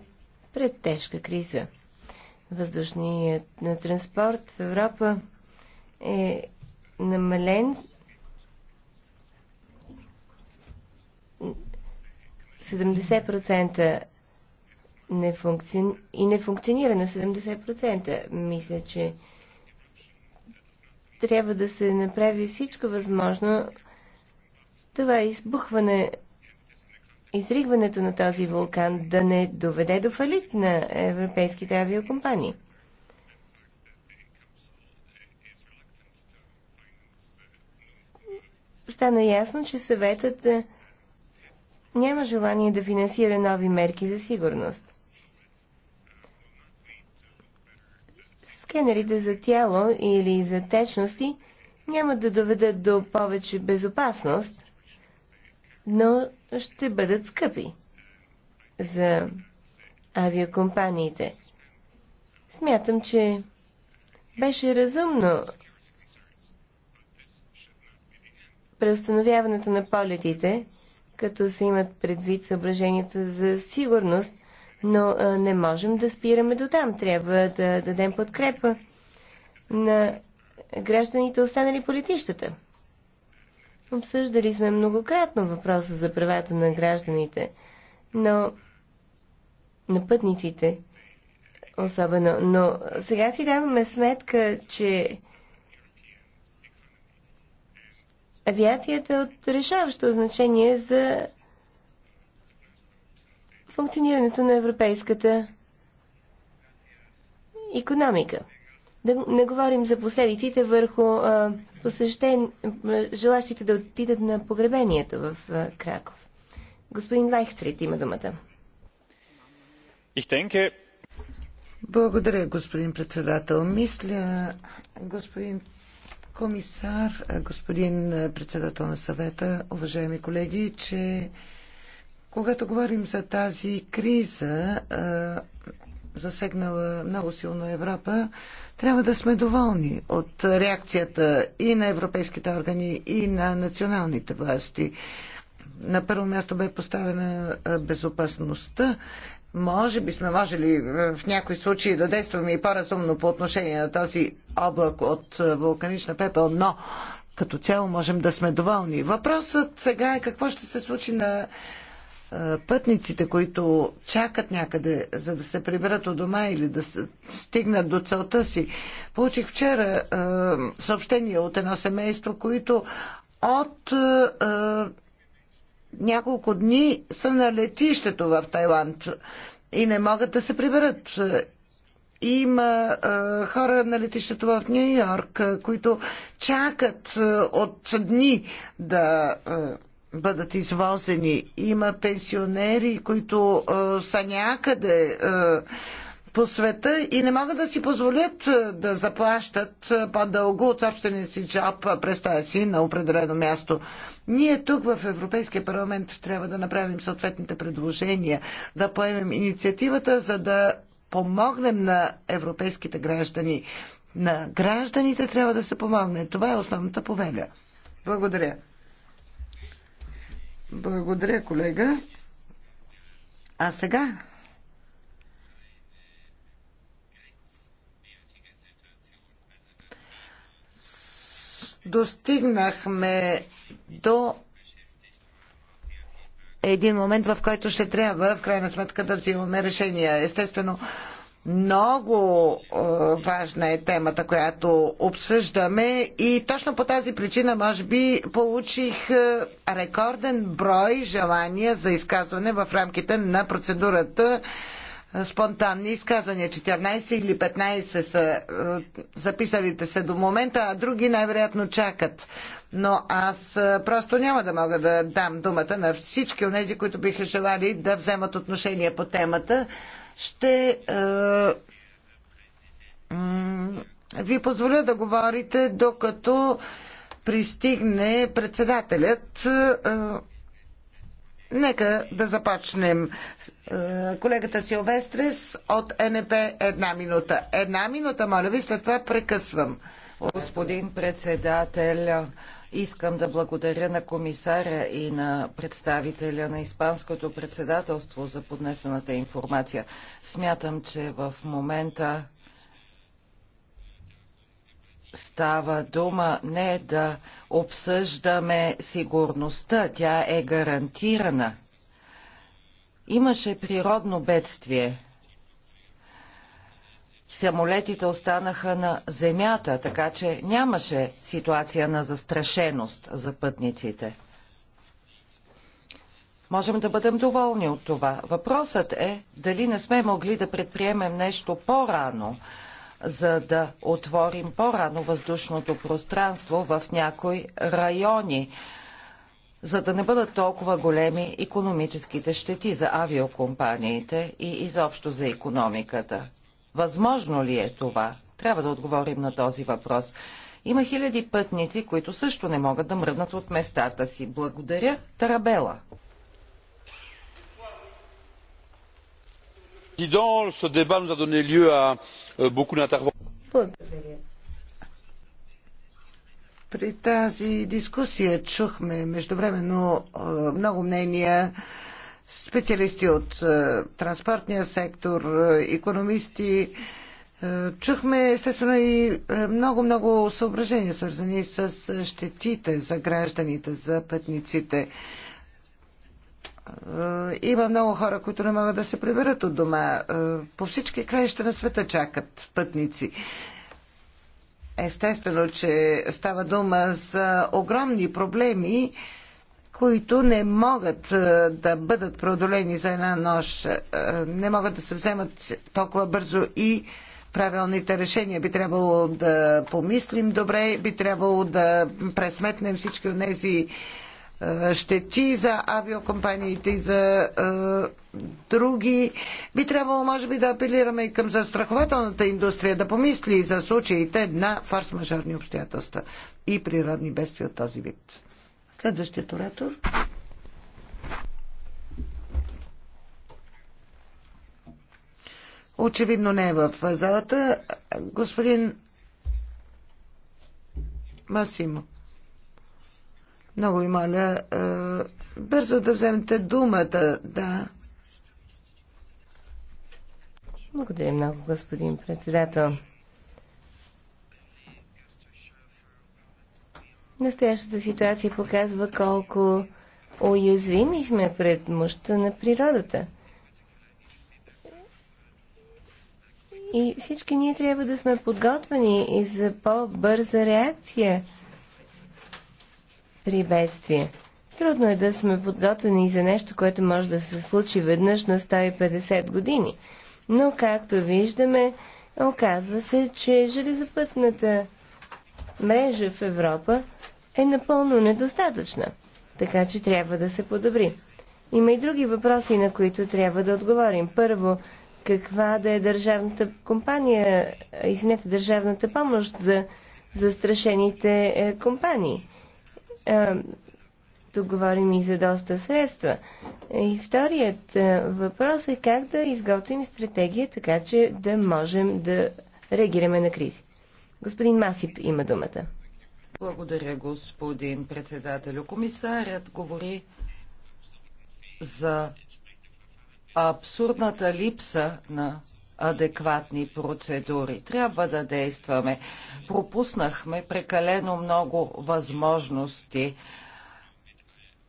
пред тежка криза. Въздушният на транспорт в Европа е намален не функци... и не функционира на 70%. Мисля, че трябва да се направи всичко възможно това избухване, изригването на този вулкан да не доведе до фалит на европейските авиокомпании. стана ясно, че съветът е, няма желание да финансира нови мерки за сигурност. Скенерите за тяло или за течности няма да доведат до повече безопасност, но ще бъдат скъпи за авиакомпаниите. Смятам, че беше разумно преустановяването на полетите, като се имат предвид съображенията за сигурност, но а, не можем да спираме до там. Трябва да дадем подкрепа на гражданите останали по летищата. Обсъждали сме многократно въпроса за правата на гражданите, но на пътниците особено. Но сега си даваме сметка, че авиацията е от решаващо значение за функционирането на европейската економика. Да не говорим за последиците върху а, посещен, желащите да отидат на погребението в а, Краков. Господин Лайхтрит има думата. Благодаря, господин председател. Мисля, господин комисар, е, господин е, председател на съвета, уважаеми колеги, че когато говорим за тази криза, е, засегнала много силно Европа, трябва да сме доволни от реакцията и на европейските органи, и на националните власти на първо място бе поставена безопасността. Може би сме можели в някои случаи да действаме и по-разумно по отношение на този облак от вулканична пепел, но като цяло можем да сме доволни. Въпросът сега е какво ще се случи на пътниците, които чакат някъде, за да се приберат от дома или да стигнат до целта си. Получих вчера е, съобщение от едно семейство, които от е, няколко дни са на летището в Тайланд и не могат да се приберат. Има а, хора на летището в Нью Йорк, които чакат а, от дни да а, бъдат извозени. Има пенсионери, които а, са някъде. А, по света и не могат да си позволят да заплащат по-дълго от собствения си джоб престоя си на определено място. Ние тук в Европейския парламент трябва да направим съответните предложения, да поемем инициативата, за да помогнем на европейските граждани. На гражданите трябва да се помогне. Това е основната повеля. Благодаря. Благодаря, колега. А сега достигнахме до един момент, в който ще трябва, в крайна сметка, да взимаме решения. Естествено, много е, важна е темата, която обсъждаме и точно по тази причина, може би, получих е, рекорден брой желания за изказване в рамките на процедурата. Е, спонтанни изказвания. 14 или 15 са е, записалите се до момента, а други най-вероятно чакат. Но аз е, просто няма да мога да дам думата на всички от тези, които биха желали да вземат отношение по темата. Ще е, ви позволя да говорите, докато пристигне председателят. Нека да започнем е, колегата Силвестрес от НП една минута. Една минута, моля ви, след това прекъсвам. Господин председател, искам да благодаря на комисаря и на представителя на Испанското председателство за поднесената информация. Смятам, че в момента става дума не да обсъждаме сигурността, тя е гарантирана. Имаше природно бедствие. Самолетите останаха на земята, така че нямаше ситуация на застрашеност за пътниците. Можем да бъдем доволни от това. Въпросът е дали не сме могли да предприемем нещо по-рано, за да отворим по-рано въздушното пространство в някои райони за да не бъдат толкова големи економическите щети за авиокомпаниите и изобщо за економиката. Възможно ли е това? Трябва да отговорим на този въпрос. Има хиляди пътници, които също не могат да мръднат от местата си. Благодаря, Тарабела. Euh, Благодаря. При тази дискусия чухме междувременно много мнения специалисти от транспортния сектор, економисти. Чухме естествено и много-много съображения, свързани с щетите за гражданите, за пътниците. Има много хора, които не могат да се приберат от дома. По всички краища на света чакат пътници. Естествено, че става дума за огромни проблеми, които не могат е, да бъдат преодолени за една нощ, е, не могат да се вземат толкова бързо и правилните решения. Би трябвало да помислим добре, би трябвало да пресметнем всички от тези е, щети за авиокомпаниите и за е, други. Би трябвало, може би, да апелираме и към застрахователната индустрия да помисли и за случаите на форс-мажорни обстоятелства и природни бедствия от този вид. Следващият оратор. Очевидно не е в залата. Господин Масимо. Много ви моля, е, бързо да вземете думата. Да. Благодаря много, господин председател. Настоящата ситуация показва колко уязвими сме пред мощта на природата. И всички ние трябва да сме подготвени и за по-бърза реакция – приветствие. Трудно е да сме подготвени за нещо, което може да се случи веднъж на 150 години. Но, както виждаме, оказва се, че железопътната мрежа в Европа е напълно недостатъчна, така че трябва да се подобри. Има и други въпроси, на които трябва да отговорим. Първо, каква да е държавната компания, извинете, държавната помощ за застрашените е, компании? а, е, тук говорим и за доста средства. И вторият а, е, въпрос е как да изготвим стратегия, така че да можем да реагираме на кризи. Господин Масип има думата. Благодаря, господин председател. Комисарят говори за абсурдната липса на адекватни процедури. Трябва да действаме. Пропуснахме прекалено много възможности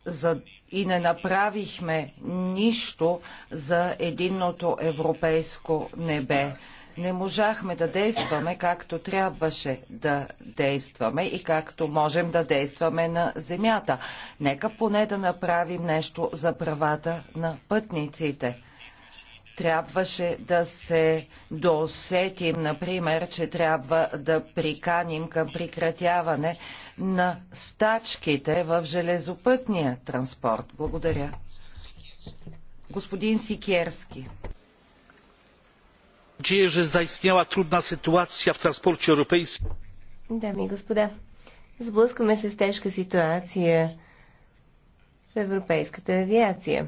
за и не направихме нищо за единното европейско небе. Не можахме да действаме както трябваше да действаме и както можем да действаме на Земята. Нека поне да направим нещо за правата на пътниците трябваше да се досетим, например, че трябва да приканим към прекратяване на стачките в железопътния транспорт. Благодаря. Господин Сикерски. Dzieje, że zaistniała trudna sytuacja w transporcie europejskim. Дами и господа, сблъскаме се с тежка ситуация в европейската авиация.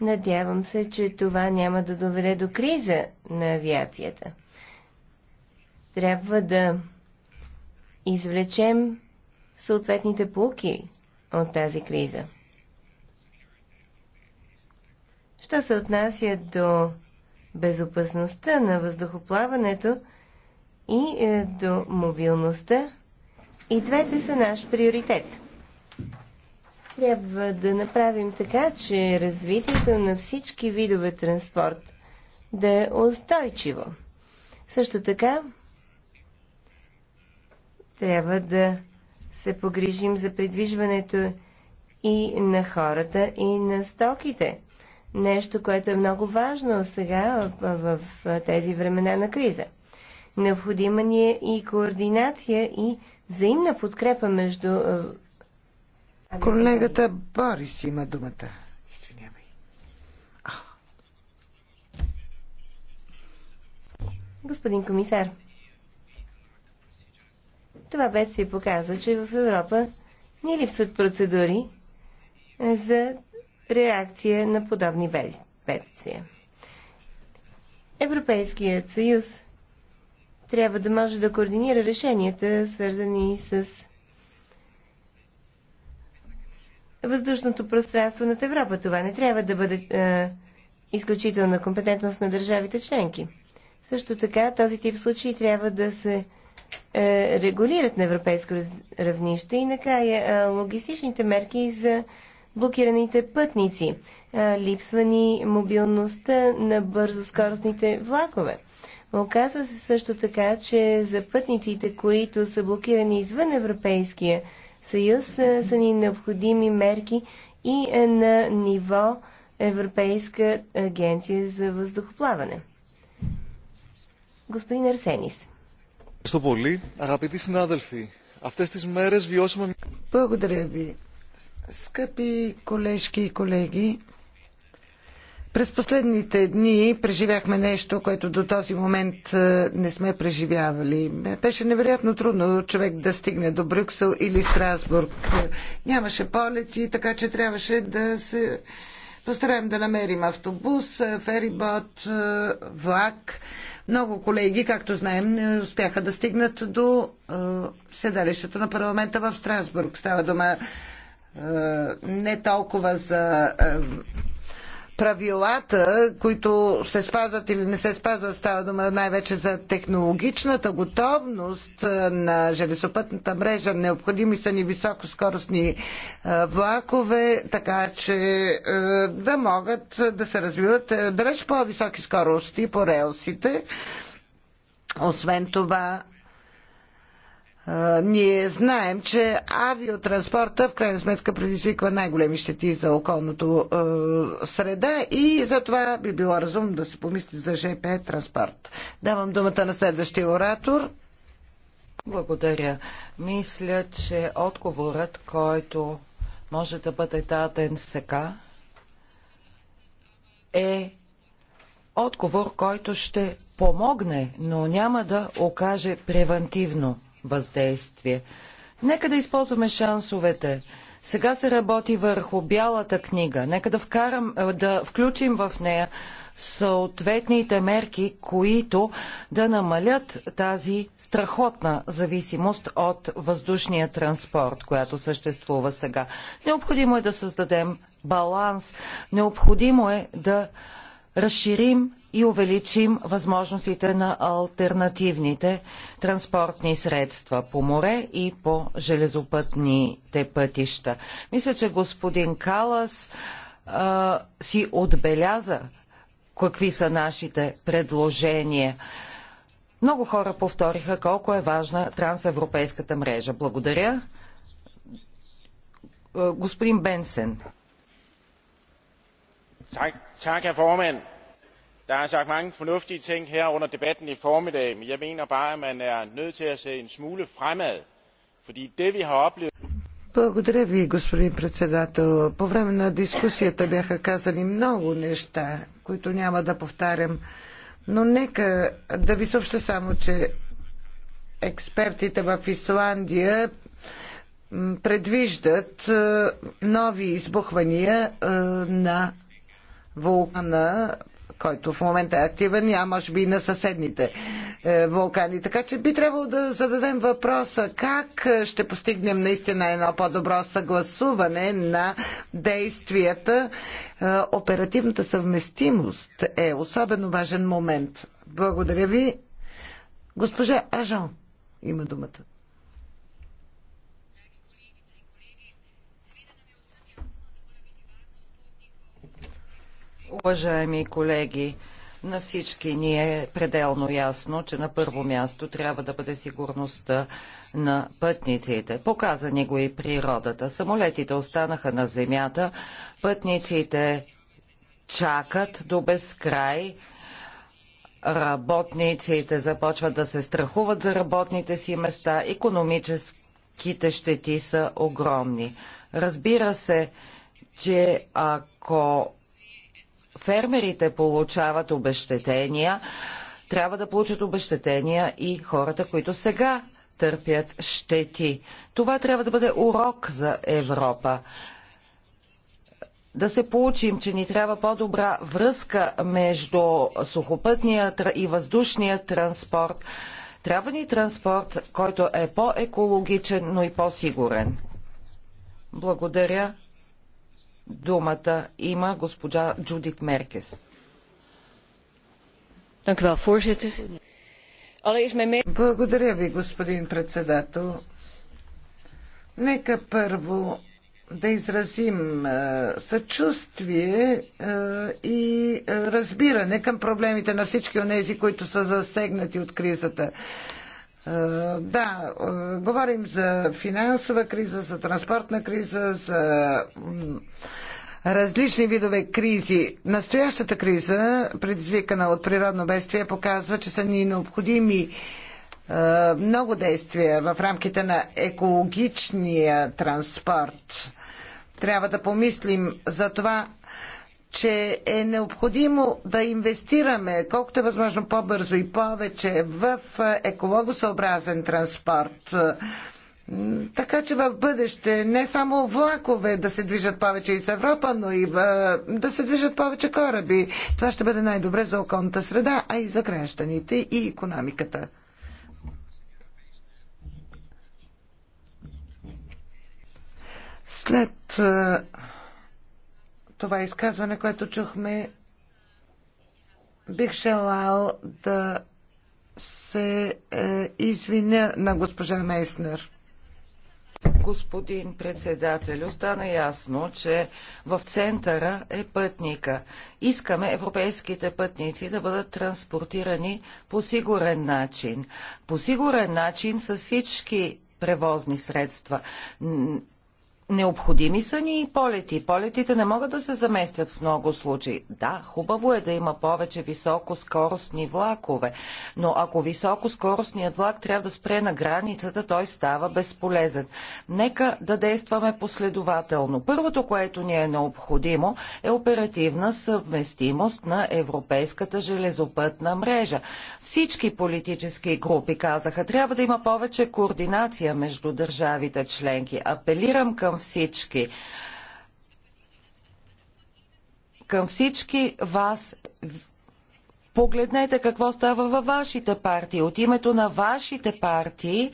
Надявам се, че това няма да доведе до криза на авиацията. Трябва да извлечем съответните полки от тази криза. Що се отнася до безопасността на въздухоплаването и е, до мобилността, и двете са наш приоритет. Трябва да направим така, че развитието на всички видове транспорт да е устойчиво. Също така, трябва да се погрижим за придвижването и на хората, и на стоките. Нещо, което е много важно сега в тези времена на криза. Необходима ни е и координация и взаимна подкрепа между е, Колегата Борис има думата. Извинявай. А. Господин комисар, това бедствие показа, че в Европа ни липсват процедури за реакция на подобни бедствия. Европейският съюз трябва да може да координира решенията, свързани с въздушното пространство над Европа. Това не трябва да бъде е, изключителна компетентност на държавите членки. Също така, този тип случаи трябва да се е, регулират на европейско равнище и накрая е, логистичните мерки за блокираните пътници. Е, липсва ни мобилността на бързоскоростните влакове. Оказва се също така, че за пътниците, които са блокирани извън Европейския съюз е, са ни необходими мерки и е, на ниво Европейска агенция за въздухоплаване. Господин Арсенис. Благодаря ви. Скъпи колежки и колеги, през последните дни преживяхме нещо, което до този момент е, не сме преживявали. Беше невероятно трудно човек да стигне до Брюксел или Страсбург. Нямаше полети, така че трябваше да се постараем да намерим автобус, е, ферибот, е, влак. Много колеги, както знаем, не успяха да стигнат до седалището на парламента в Страсбург. Става дума не толкова за правилата, които се спазват или не се спазват, става дума най-вече за технологичната готовност на железопътната мрежа. Необходими са ни високоскоростни влакове, така че да могат да се развиват далеч по-високи скорости по релсите. Освен това, ние знаем, че авиотранспорта в крайна сметка предизвиква най-големи щети за околното е, среда и затова би било разумно да се помисли за ЖП транспорт. Давам думата на следващия оратор. Благодаря. Мисля, че отговорът, който може да бъде даден сега, е отговор, който ще помогне, но няма да окаже превентивно въздействие. Нека да използваме шансовете. Сега се работи върху бялата книга. Нека да, вкарам, е, да включим в нея съответните мерки, които да намалят тази страхотна зависимост от въздушния транспорт, която съществува сега. Необходимо е да създадем баланс. Необходимо е да разширим и увеличим възможностите на альтернативните транспортни средства по море и по железопътните пътища. Мисля, че господин Калас а, си отбеляза какви са нашите предложения. Много хора повториха колко е важна трансевропейската мрежа. Благодаря. Господин Бенсен herre formand der er sagt mange fornuftige ting her under debatten i formiddag men jeg mener bare at man er nødt til at se en smule fremad fordi det vi har oplevet. Благодаря ви, господин председател. По време на дискусията бяха казани много неща, които няма да повтарям. Но нека да ви съобща само, че експертите в Исландия предвиждат е, нови избухвания е, на вулкана, който в момента е активен, а може би и на съседните е, вулкани. Така че би трябвало да зададем въпроса как е, ще постигнем наистина едно по-добро съгласуване на действията. Е, оперативната съвместимост е особено важен момент. Благодаря ви. Госпожа Ажон има думата. Уважаеми колеги, на всички ни е пределно ясно, че на първо място трябва да бъде сигурността на пътниците. Показа ни го и природата. Самолетите останаха на земята, пътниците чакат до безкрай, работниците започват да се страхуват за работните си места, економическите щети са огромни. Разбира се, че ако фермерите получават обещетения, трябва да получат обещетения и хората, които сега търпят щети. Това трябва да бъде урок за Европа. Да се получим, че ни трябва по-добра връзка между сухопътния и въздушния транспорт. Трябва ни транспорт, който е по-екологичен, но и по-сигурен. Благодаря. Думата има госпожа Джудит Меркес. Благодаря ви, господин председател. Нека първо да изразим е, съчувствие е, и е, разбиране към проблемите на всички от тези, които са засегнати от кризата. Е, да, е, говорим за финансова криза, за транспортна криза, за различни видове кризи. Настоящата криза, предизвикана от природно бедствие, показва, че са ни необходими е, много действия в рамките на екологичния транспорт. Трябва да помислим за това че е необходимо да инвестираме колкото е възможно по-бързо и повече в екологосъобразен транспорт. Така че в бъдеще не само влакове да се движат повече из Европа, но и да се движат повече кораби. Това ще бъде най-добре за околната среда, а и за гражданите и економиката. След това изказване, което чухме, бих желал да се е, извиня на госпожа Мейснер. Господин председател, стана ясно, че в центъра е пътника. Искаме европейските пътници да бъдат транспортирани по сигурен начин. По сигурен начин са всички превозни средства. Необходими са ни и полети. Полетите не могат да се заместят в много случаи. Да, хубаво е да има повече високоскоростни влакове, но ако високоскоростният влак трябва да спре на границата, той става безполезен. Нека да действаме последователно. Първото, което ни е необходимо, е оперативна съвместимост на европейската железопътна мрежа. Всички политически групи казаха, трябва да има повече координация между държавите членки. Апелирам към всички. Към всички вас погледнете какво става във вашите партии. От името на вашите партии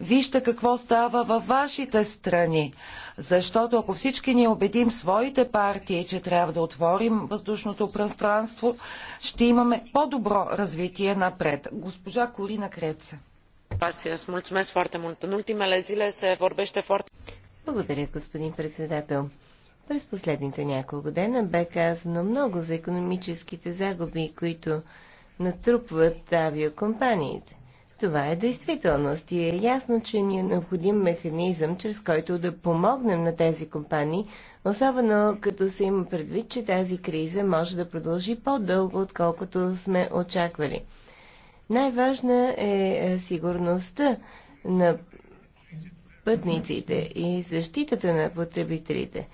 вижте какво става във вашите страни. Защото ако всички ни убедим своите партии, че трябва да отворим въздушното пространство, ще имаме по-добро развитие напред. Госпожа Корина Креца. În ultimele zile se vorbește foarte благодаря, господин председател. През последните няколко дена бе казано много за економическите загуби, които натрупват авиокомпаниите. Това е действителност и е ясно, че ни е необходим механизъм, чрез който да помогнем на тези компании, особено като се има предвид, че тази криза може да продължи по-дълго, отколкото сме очаквали. Най-важна е, е сигурността на пътниците и защитата на потребителите.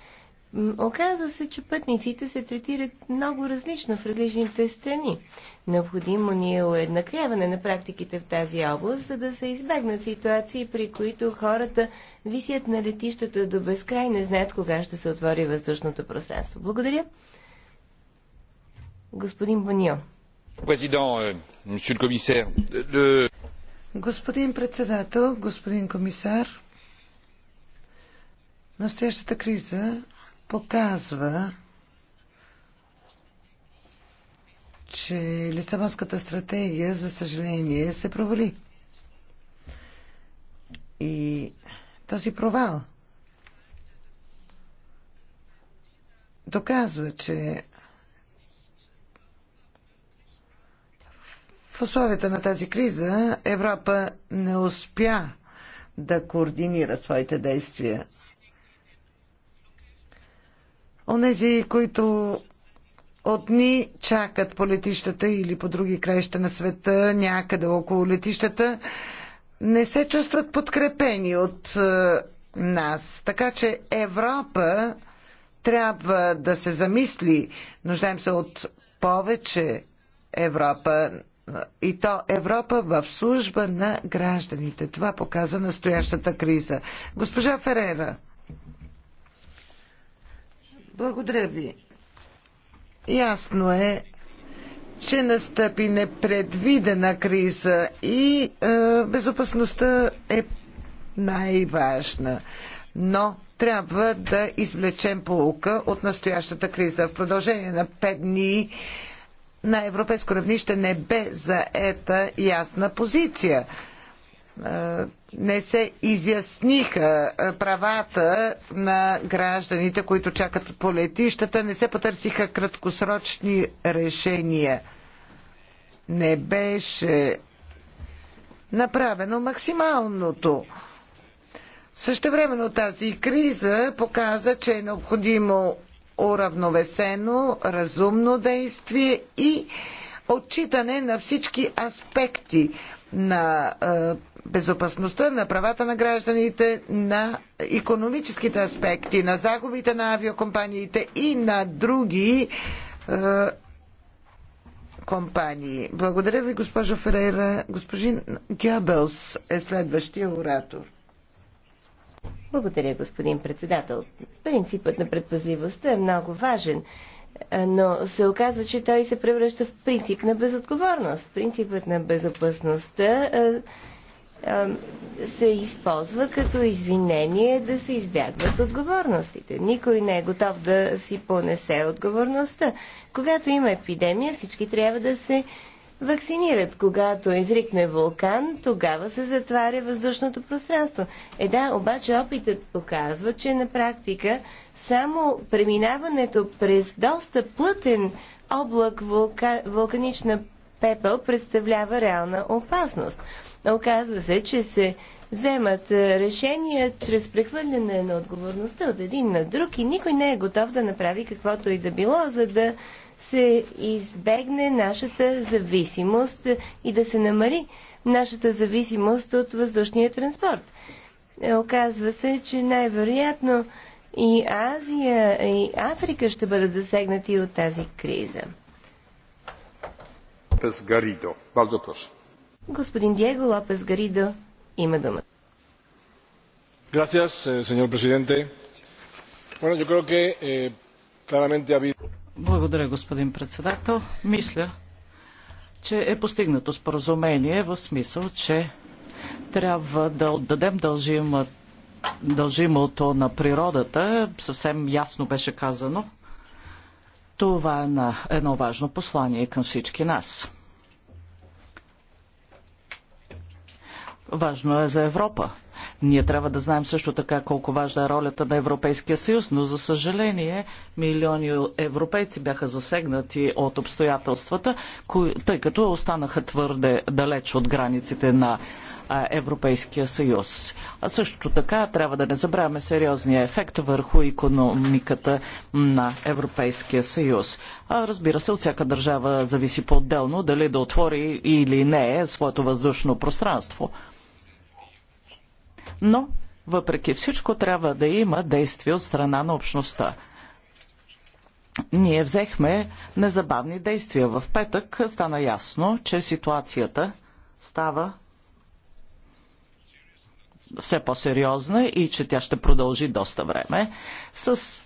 Оказва се, че пътниците се третират много различно в различните страни. Необходимо ни е уеднаквяване на практиките в тази област, за да се избегнат ситуации, при които хората висят на летищата до безкрай и не знаят кога ще се отвори въздушното пространство. Благодаря. Господин Банио. Е, е, е, господин председател, господин комисар, Настоящата криза показва, че Лисабонската стратегия, за съжаление, се провали. И този провал доказва, че в условията на тази криза Европа не успя да координира своите действия Онези, които от дни чакат по летищата или по други краища на света, някъде около летищата, не се чувстват подкрепени от е, нас. Така че Европа трябва да се замисли. Нуждаем се от повече Европа. Е, и то Европа в служба на гражданите. Това показа настоящата криза. Госпожа Ферера. Благодаря ви. Ясно е, че настъпи непредвидена криза и е, безопасността е най-важна. Но трябва да извлечем полука от настоящата криза. В продължение на пет дни на европейско равнище не бе заета ясна позиция не се изясниха правата на гражданите, които чакат по летищата, не се потърсиха краткосрочни решения. Не беше направено максималното. Същевременно тази криза показа, че е необходимо уравновесено, разумно действие и отчитане на всички аспекти на безопасността, на правата на гражданите, на економическите аспекти, на загубите на авиокомпаниите и на други компании. Благодаря ви, госпожо Ферейра. Госпожин Гябелс е следващия оратор. Благодаря, господин председател. Принципът на предпазливостта е много важен но се оказва, че той се превръща в принцип на безотговорност. Принципът на безопасността се използва като извинение да се избягват отговорностите. Никой не е готов да си понесе отговорността. Когато има епидемия, всички трябва да се вакцинират. Когато изрикне вулкан, тогава се затваря въздушното пространство. Е да, обаче опитът показва, че на практика само преминаването през доста плътен облак вулка... вулканична пепел представлява реална опасност. Оказва се, че се вземат е, решения чрез прехвърляне на отговорността от един на друг и никой не е готов да направи каквото и да било, за да се избегне нашата зависимост и да се намали нашата зависимост от въздушния транспорт. Е, оказва се, че най-вероятно и Азия, и Африка ще бъдат засегнати от тази криза. Лопес Гаридо. Бързо прошу. Господин Диего Лопес Гаридо има думата. Gracias, eh, señor presidente. Bueno, yo creo que eh, claramente ha habido. Благодаря, господин председател. Мисля, че е постигнато споразумение в смисъл, че трябва да отдадем дължима, дължимото на природата. Съвсем ясно беше казано. Това е едно важно послание към всички нас. Важно е за Европа. Ние трябва да знаем също така колко важна е ролята на Европейския съюз, но за съжаление милиони европейци бяха засегнати от обстоятелствата, тъй като останаха твърде далеч от границите на Европейския съюз. А също така трябва да не забравяме сериозния ефект върху економиката на Европейския съюз. А разбира се, от всяка държава зависи по-отделно дали да отвори или не своето въздушно пространство. Но, въпреки всичко, трябва да има действие от страна на общността. Ние взехме незабавни действия. В петък стана ясно, че ситуацията става все по-сериозна и че тя ще продължи доста време. С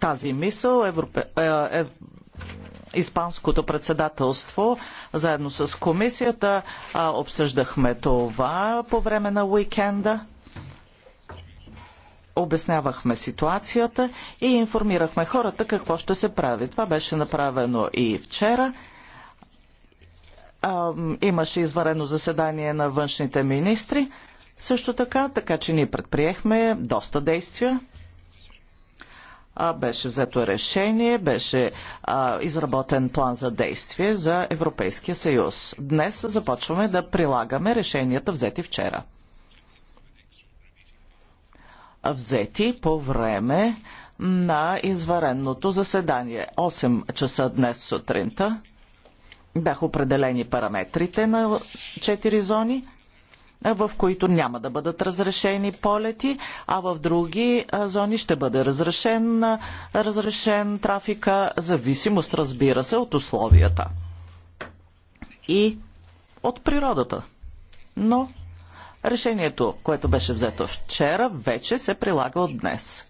тази мисъл Европе... Е, е, Испанското председателство, заедно с комисията, обсъждахме това по време на уикенда. Обяснявахме ситуацията и информирахме хората какво ще се прави. Това беше направено и вчера имаше изварено заседание на външните министри също така, така че ние предприехме доста действия беше взето решение, беше а, изработен план за действие за Европейския съюз. Днес започваме да прилагаме решенията взети вчера. Взети по време на извареното заседание. 8 часа днес сутринта бяха определени параметрите на 4 зони – в които няма да бъдат разрешени полети, а в други зони ще бъде разрешен, разрешен трафика, зависимост, разбира се, от условията и от природата. Но решението, което беше взето вчера, вече се прилага от днес.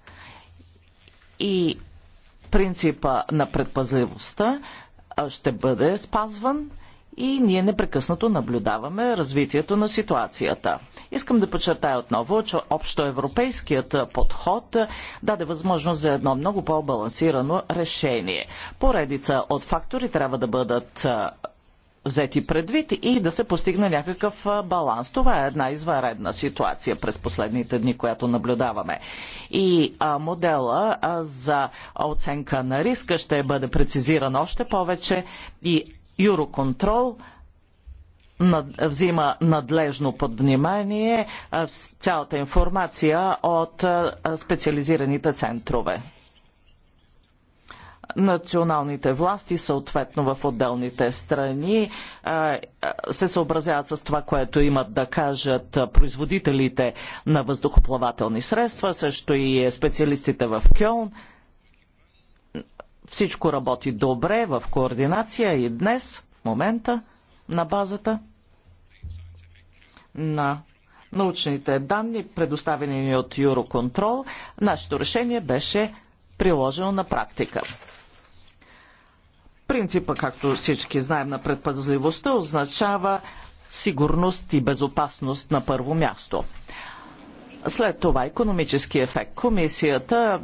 И принципа на предпазливостта ще бъде спазван и ние непрекъснато наблюдаваме развитието на ситуацията. Искам да подчертая отново, че общоевропейският подход даде възможност за едно много по-балансирано решение. Поредица от фактори трябва да бъдат взети предвид и да се постигне някакъв баланс. Това е една извънредна ситуация през последните дни, която наблюдаваме. И а, модела а, за оценка на риска ще бъде прецизиран още повече и Юроконтрол над, взима надлежно под внимание цялата информация от специализираните центрове. Националните власти, съответно в отделните страни, се съобразяват с това, което имат да кажат производителите на въздухоплавателни средства, също и е, специалистите в Кьолн. Всичко работи добре в координация и днес, в момента, на базата на научните данни, предоставени ни от Юроконтрол, нашето решение беше приложено на практика. Принципа, както всички знаем, на предпазливостта означава сигурност и безопасност на първо място. След това економически ефект. Комисията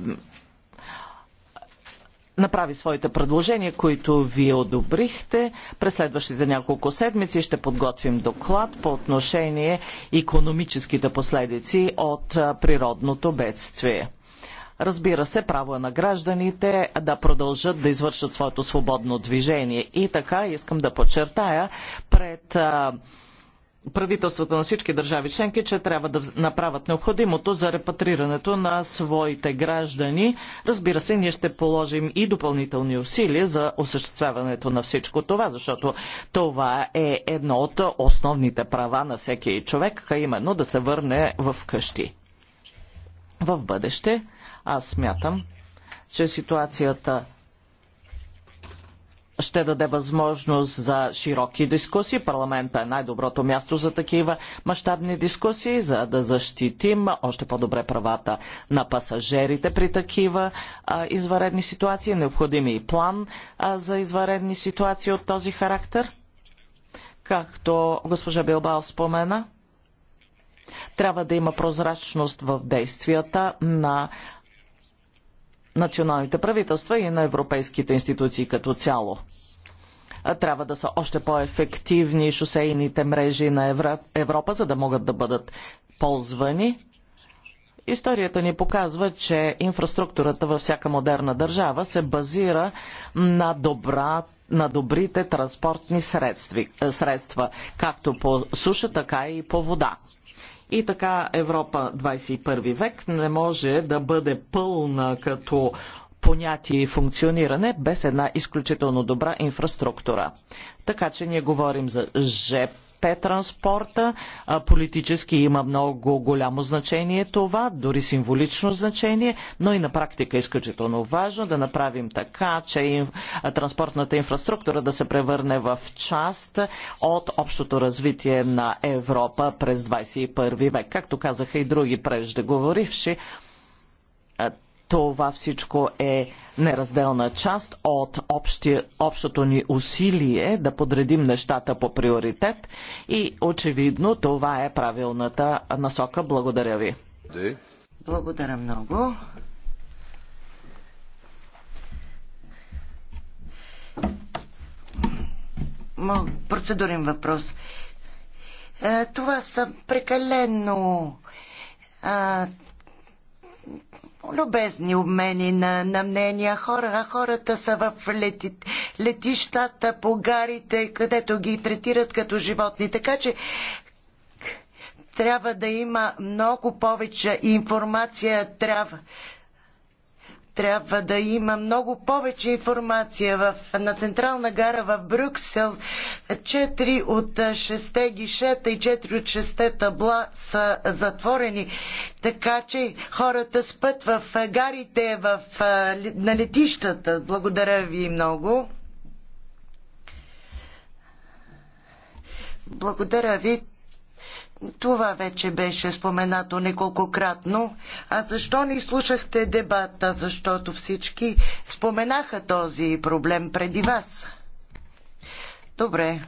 направи своите предложения, които вие одобрихте. През следващите няколко седмици ще подготвим доклад по отношение економическите последици от природното бедствие. Разбира се, право е на гражданите да продължат да извършат своето свободно движение. И така искам да подчертая пред правителствата на всички държави членки, че трябва да направят необходимото за репатрирането на своите граждани. Разбира се, ние ще положим и допълнителни усилия за осъществяването на всичко това, защото това е едно от основните права на всеки човек, а именно да се върне в къщи. В бъдеще, аз смятам, че ситуацията ще даде възможност за широки дискусии. Парламентът е най-доброто място за такива мащабни дискусии, за да защитим още по-добре правата на пасажирите при такива а, изваредни ситуации. Необходим е и план а, за изваредни ситуации от този характер. Както госпожа Билбао спомена, трябва да има прозрачност в действията на националните правителства и на европейските институции като цяло. Трябва да са още по-ефективни шосейните мрежи на Европа, за да могат да бъдат ползвани. Историята ни показва, че инфраструктурата във всяка модерна държава се базира на добра, на добрите транспортни средства, както по суша, така и по вода. И така Европа 21 век не може да бъде пълна като понятие и функциониране без една изключително добра инфраструктура. Така че ние говорим за ЖЕП ПП транспорта. Политически има много голямо значение това, дори символично значение, но и на практика е изключително важно да направим така, че транспортната инфраструктура да се превърне в част от общото развитие на Европа през 21 век. Както казаха и други преждеговоривши, това всичко е неразделна част от общи, общото ни усилие да подредим нещата по приоритет и очевидно това е правилната насока. Благодаря ви. Благодаря много. Процедурен въпрос. Е, това са прекалено любезни обмени на, на мнения. Хора, а хората са в лети, летищата, по гарите, където ги третират като животни. Така че трябва да има много повече информация. Трябва трябва да има много повече информация в, на Централна гара в Брюксел. Четири от шесте гишета и четири от шесте табла са затворени. Така че хората спът в гарите, в, на летищата. Благодаря ви много. Благодаря ви. Това вече беше споменато неколкократно. А защо не слушахте дебата? Защото всички споменаха този проблем преди вас. Добре.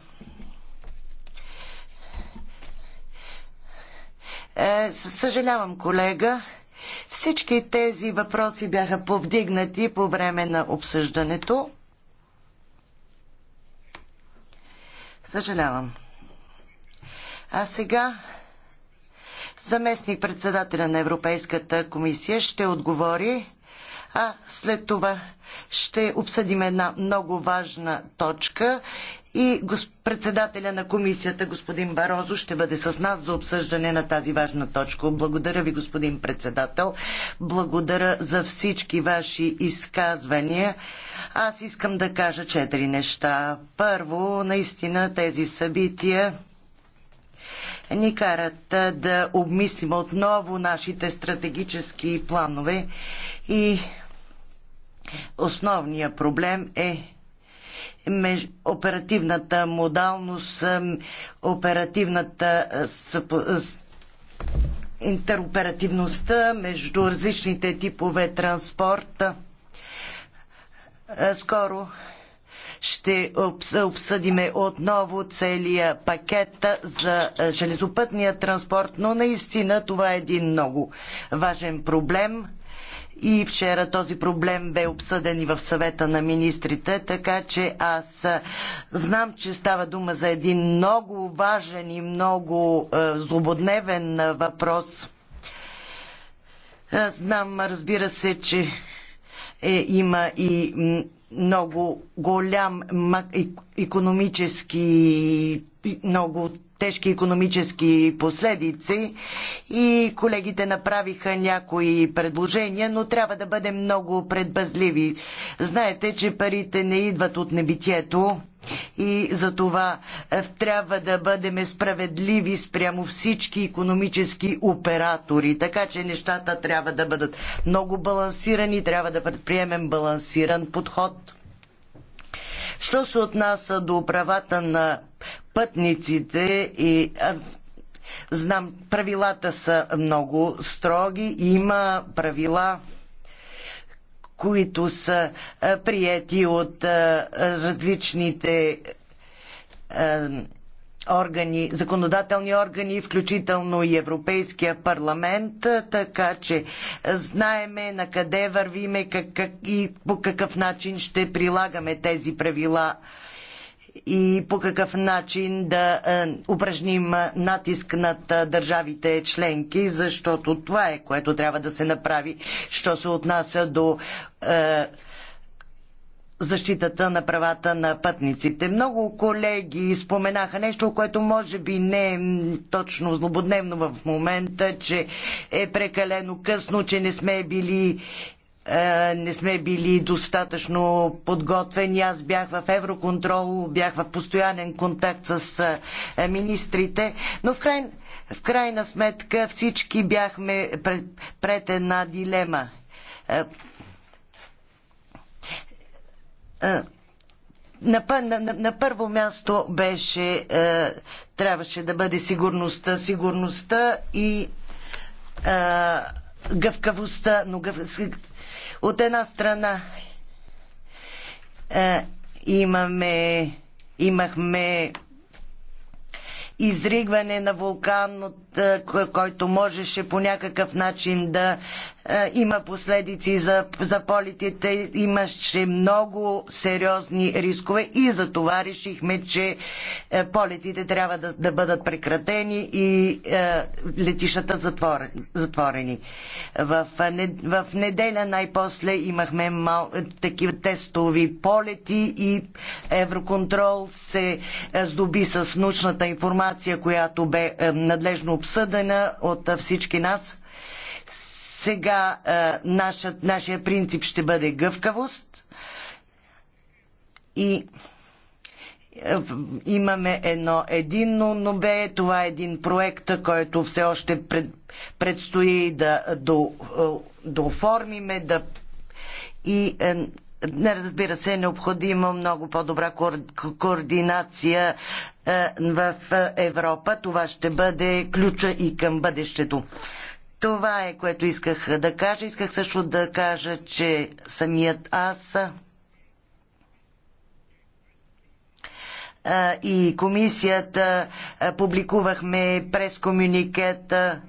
Е, съжалявам, колега. Всички тези въпроси бяха повдигнати по време на обсъждането. Съжалявам. А сега заместник председателя на Европейската комисия ще отговори, а след това ще обсъдим една много важна точка и председателя на комисията господин Барозо ще бъде с нас за обсъждане на тази важна точка. Благодаря ви, господин председател. Благодаря за всички ваши изказвания. Аз искам да кажа четири неща. Първо, наистина тези събития ни карат да обмислим отново нашите стратегически планове и основният проблем е оперативната модалност, оперативната интероперативността между различните типове транспорт. Скоро ще обсъдиме отново целия пакет за железопътния транспорт, но наистина това е един много важен проблем. И вчера този проблем бе обсъден и в съвета на министрите, така че аз знам, че става дума за един много важен и много злободневен въпрос. Знам, разбира се, че е, има и много голям економически, много тежки економически последици и колегите направиха някои предложения, но трябва да бъдем много предпазливи. Знаете, че парите не идват от небитието, и за това е, трябва да бъдем справедливи спрямо всички економически оператори. Така че нещата трябва да бъдат много балансирани, трябва да предприемем балансиран подход. Що се отнася до правата на пътниците и Знам, правилата са много строги. Има правила които са приети от различните органи, законодателни органи, включително и Европейския парламент, така че знаеме на къде вървиме как, как, и по какъв начин ще прилагаме тези правила и по какъв начин да е, упражним натиск над е, държавите членки, защото това е което трябва да се направи, що се отнася до е, защитата на правата на пътниците. Много колеги споменаха нещо, което може би не е точно злободневно в момента, че е прекалено късно, че не сме били е, не сме били достатъчно подготвени. Аз бях в Евроконтрол, бях в постоянен контакт с е, министрите, но в, край, в крайна сметка всички бяхме пред, пред една дилема. Е, на, на, на, първо място беше, трябваше да бъде сигурността, сигурността и гъвкавостта, но гъв от една страна е, имаме, имахме изригване на вулкан, е, който можеше по някакъв начин да е, има последици за, за полетите, имаше много сериозни рискове и за това решихме, че е, полетите трябва да, да бъдат прекратени и е, летищата затворени. затворени. В, в неделя най-после имахме мал, такива тестови полети и Евроконтрол се е, здоби с научната информация, която бе надлежно обсъдена от всички нас сега е, а, нашия принцип ще бъде гъвкавост и е, имаме едно единно нобе. Това е един проект, който все още пред, предстои да, до, е, да оформиме, да и не разбира се, е необходима много по-добра координация в Европа. Това ще бъде ключа и към бъдещето. Това е което исках да кажа. Исках също да кажа, че самият аз и комисията публикувахме комуникета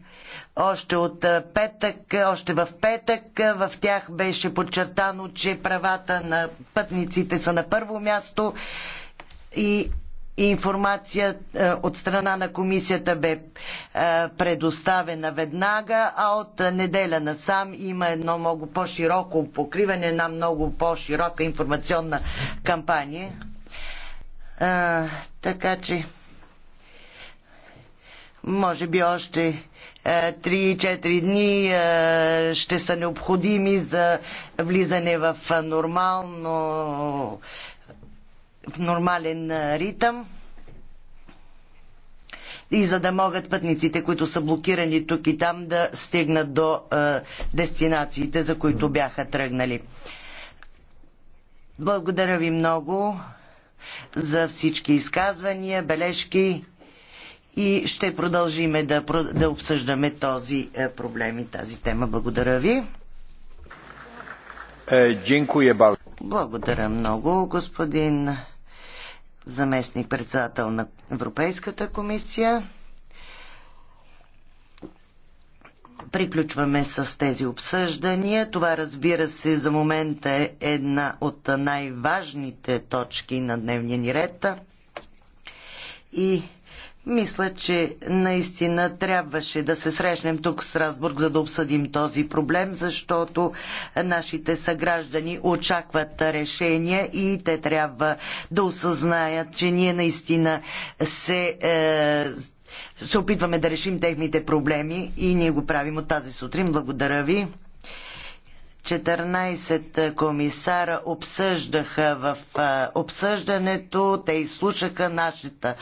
още от петък, още в петък. В тях беше подчертано, че правата на пътниците са на първо място и информация е, от страна на комисията бе е, предоставена веднага, а от неделя насам има едно много по-широко покриване, една много по-широка информационна кампания. А, е, така че, може би още 3-4 дни ще са необходими за влизане в нормално в нормален ритъм и за да могат пътниците, които са блокирани тук и там, да стигнат до е, дестинациите, за които бяха тръгнали. Благодаря ви много за всички изказвания, бележки и ще продължиме да, да обсъждаме този е, проблем и тази тема. Благодаря ви. Е, Благодаря много, господин заместник председател на Европейската комисия. Приключваме с тези обсъждания. Това, разбира се, за момента е една от най-важните точки на дневния ни ред. И мисля, че наистина трябваше да се срещнем тук в Страсбург, за да обсъдим този проблем, защото нашите съграждани очакват решения и те трябва да осъзнаят, че ние наистина се. Е, се опитваме да решим техните проблеми и ние го правим от тази сутрин. Благодаря ви. 14 комисара обсъждаха в е, обсъждането, те изслушаха нашата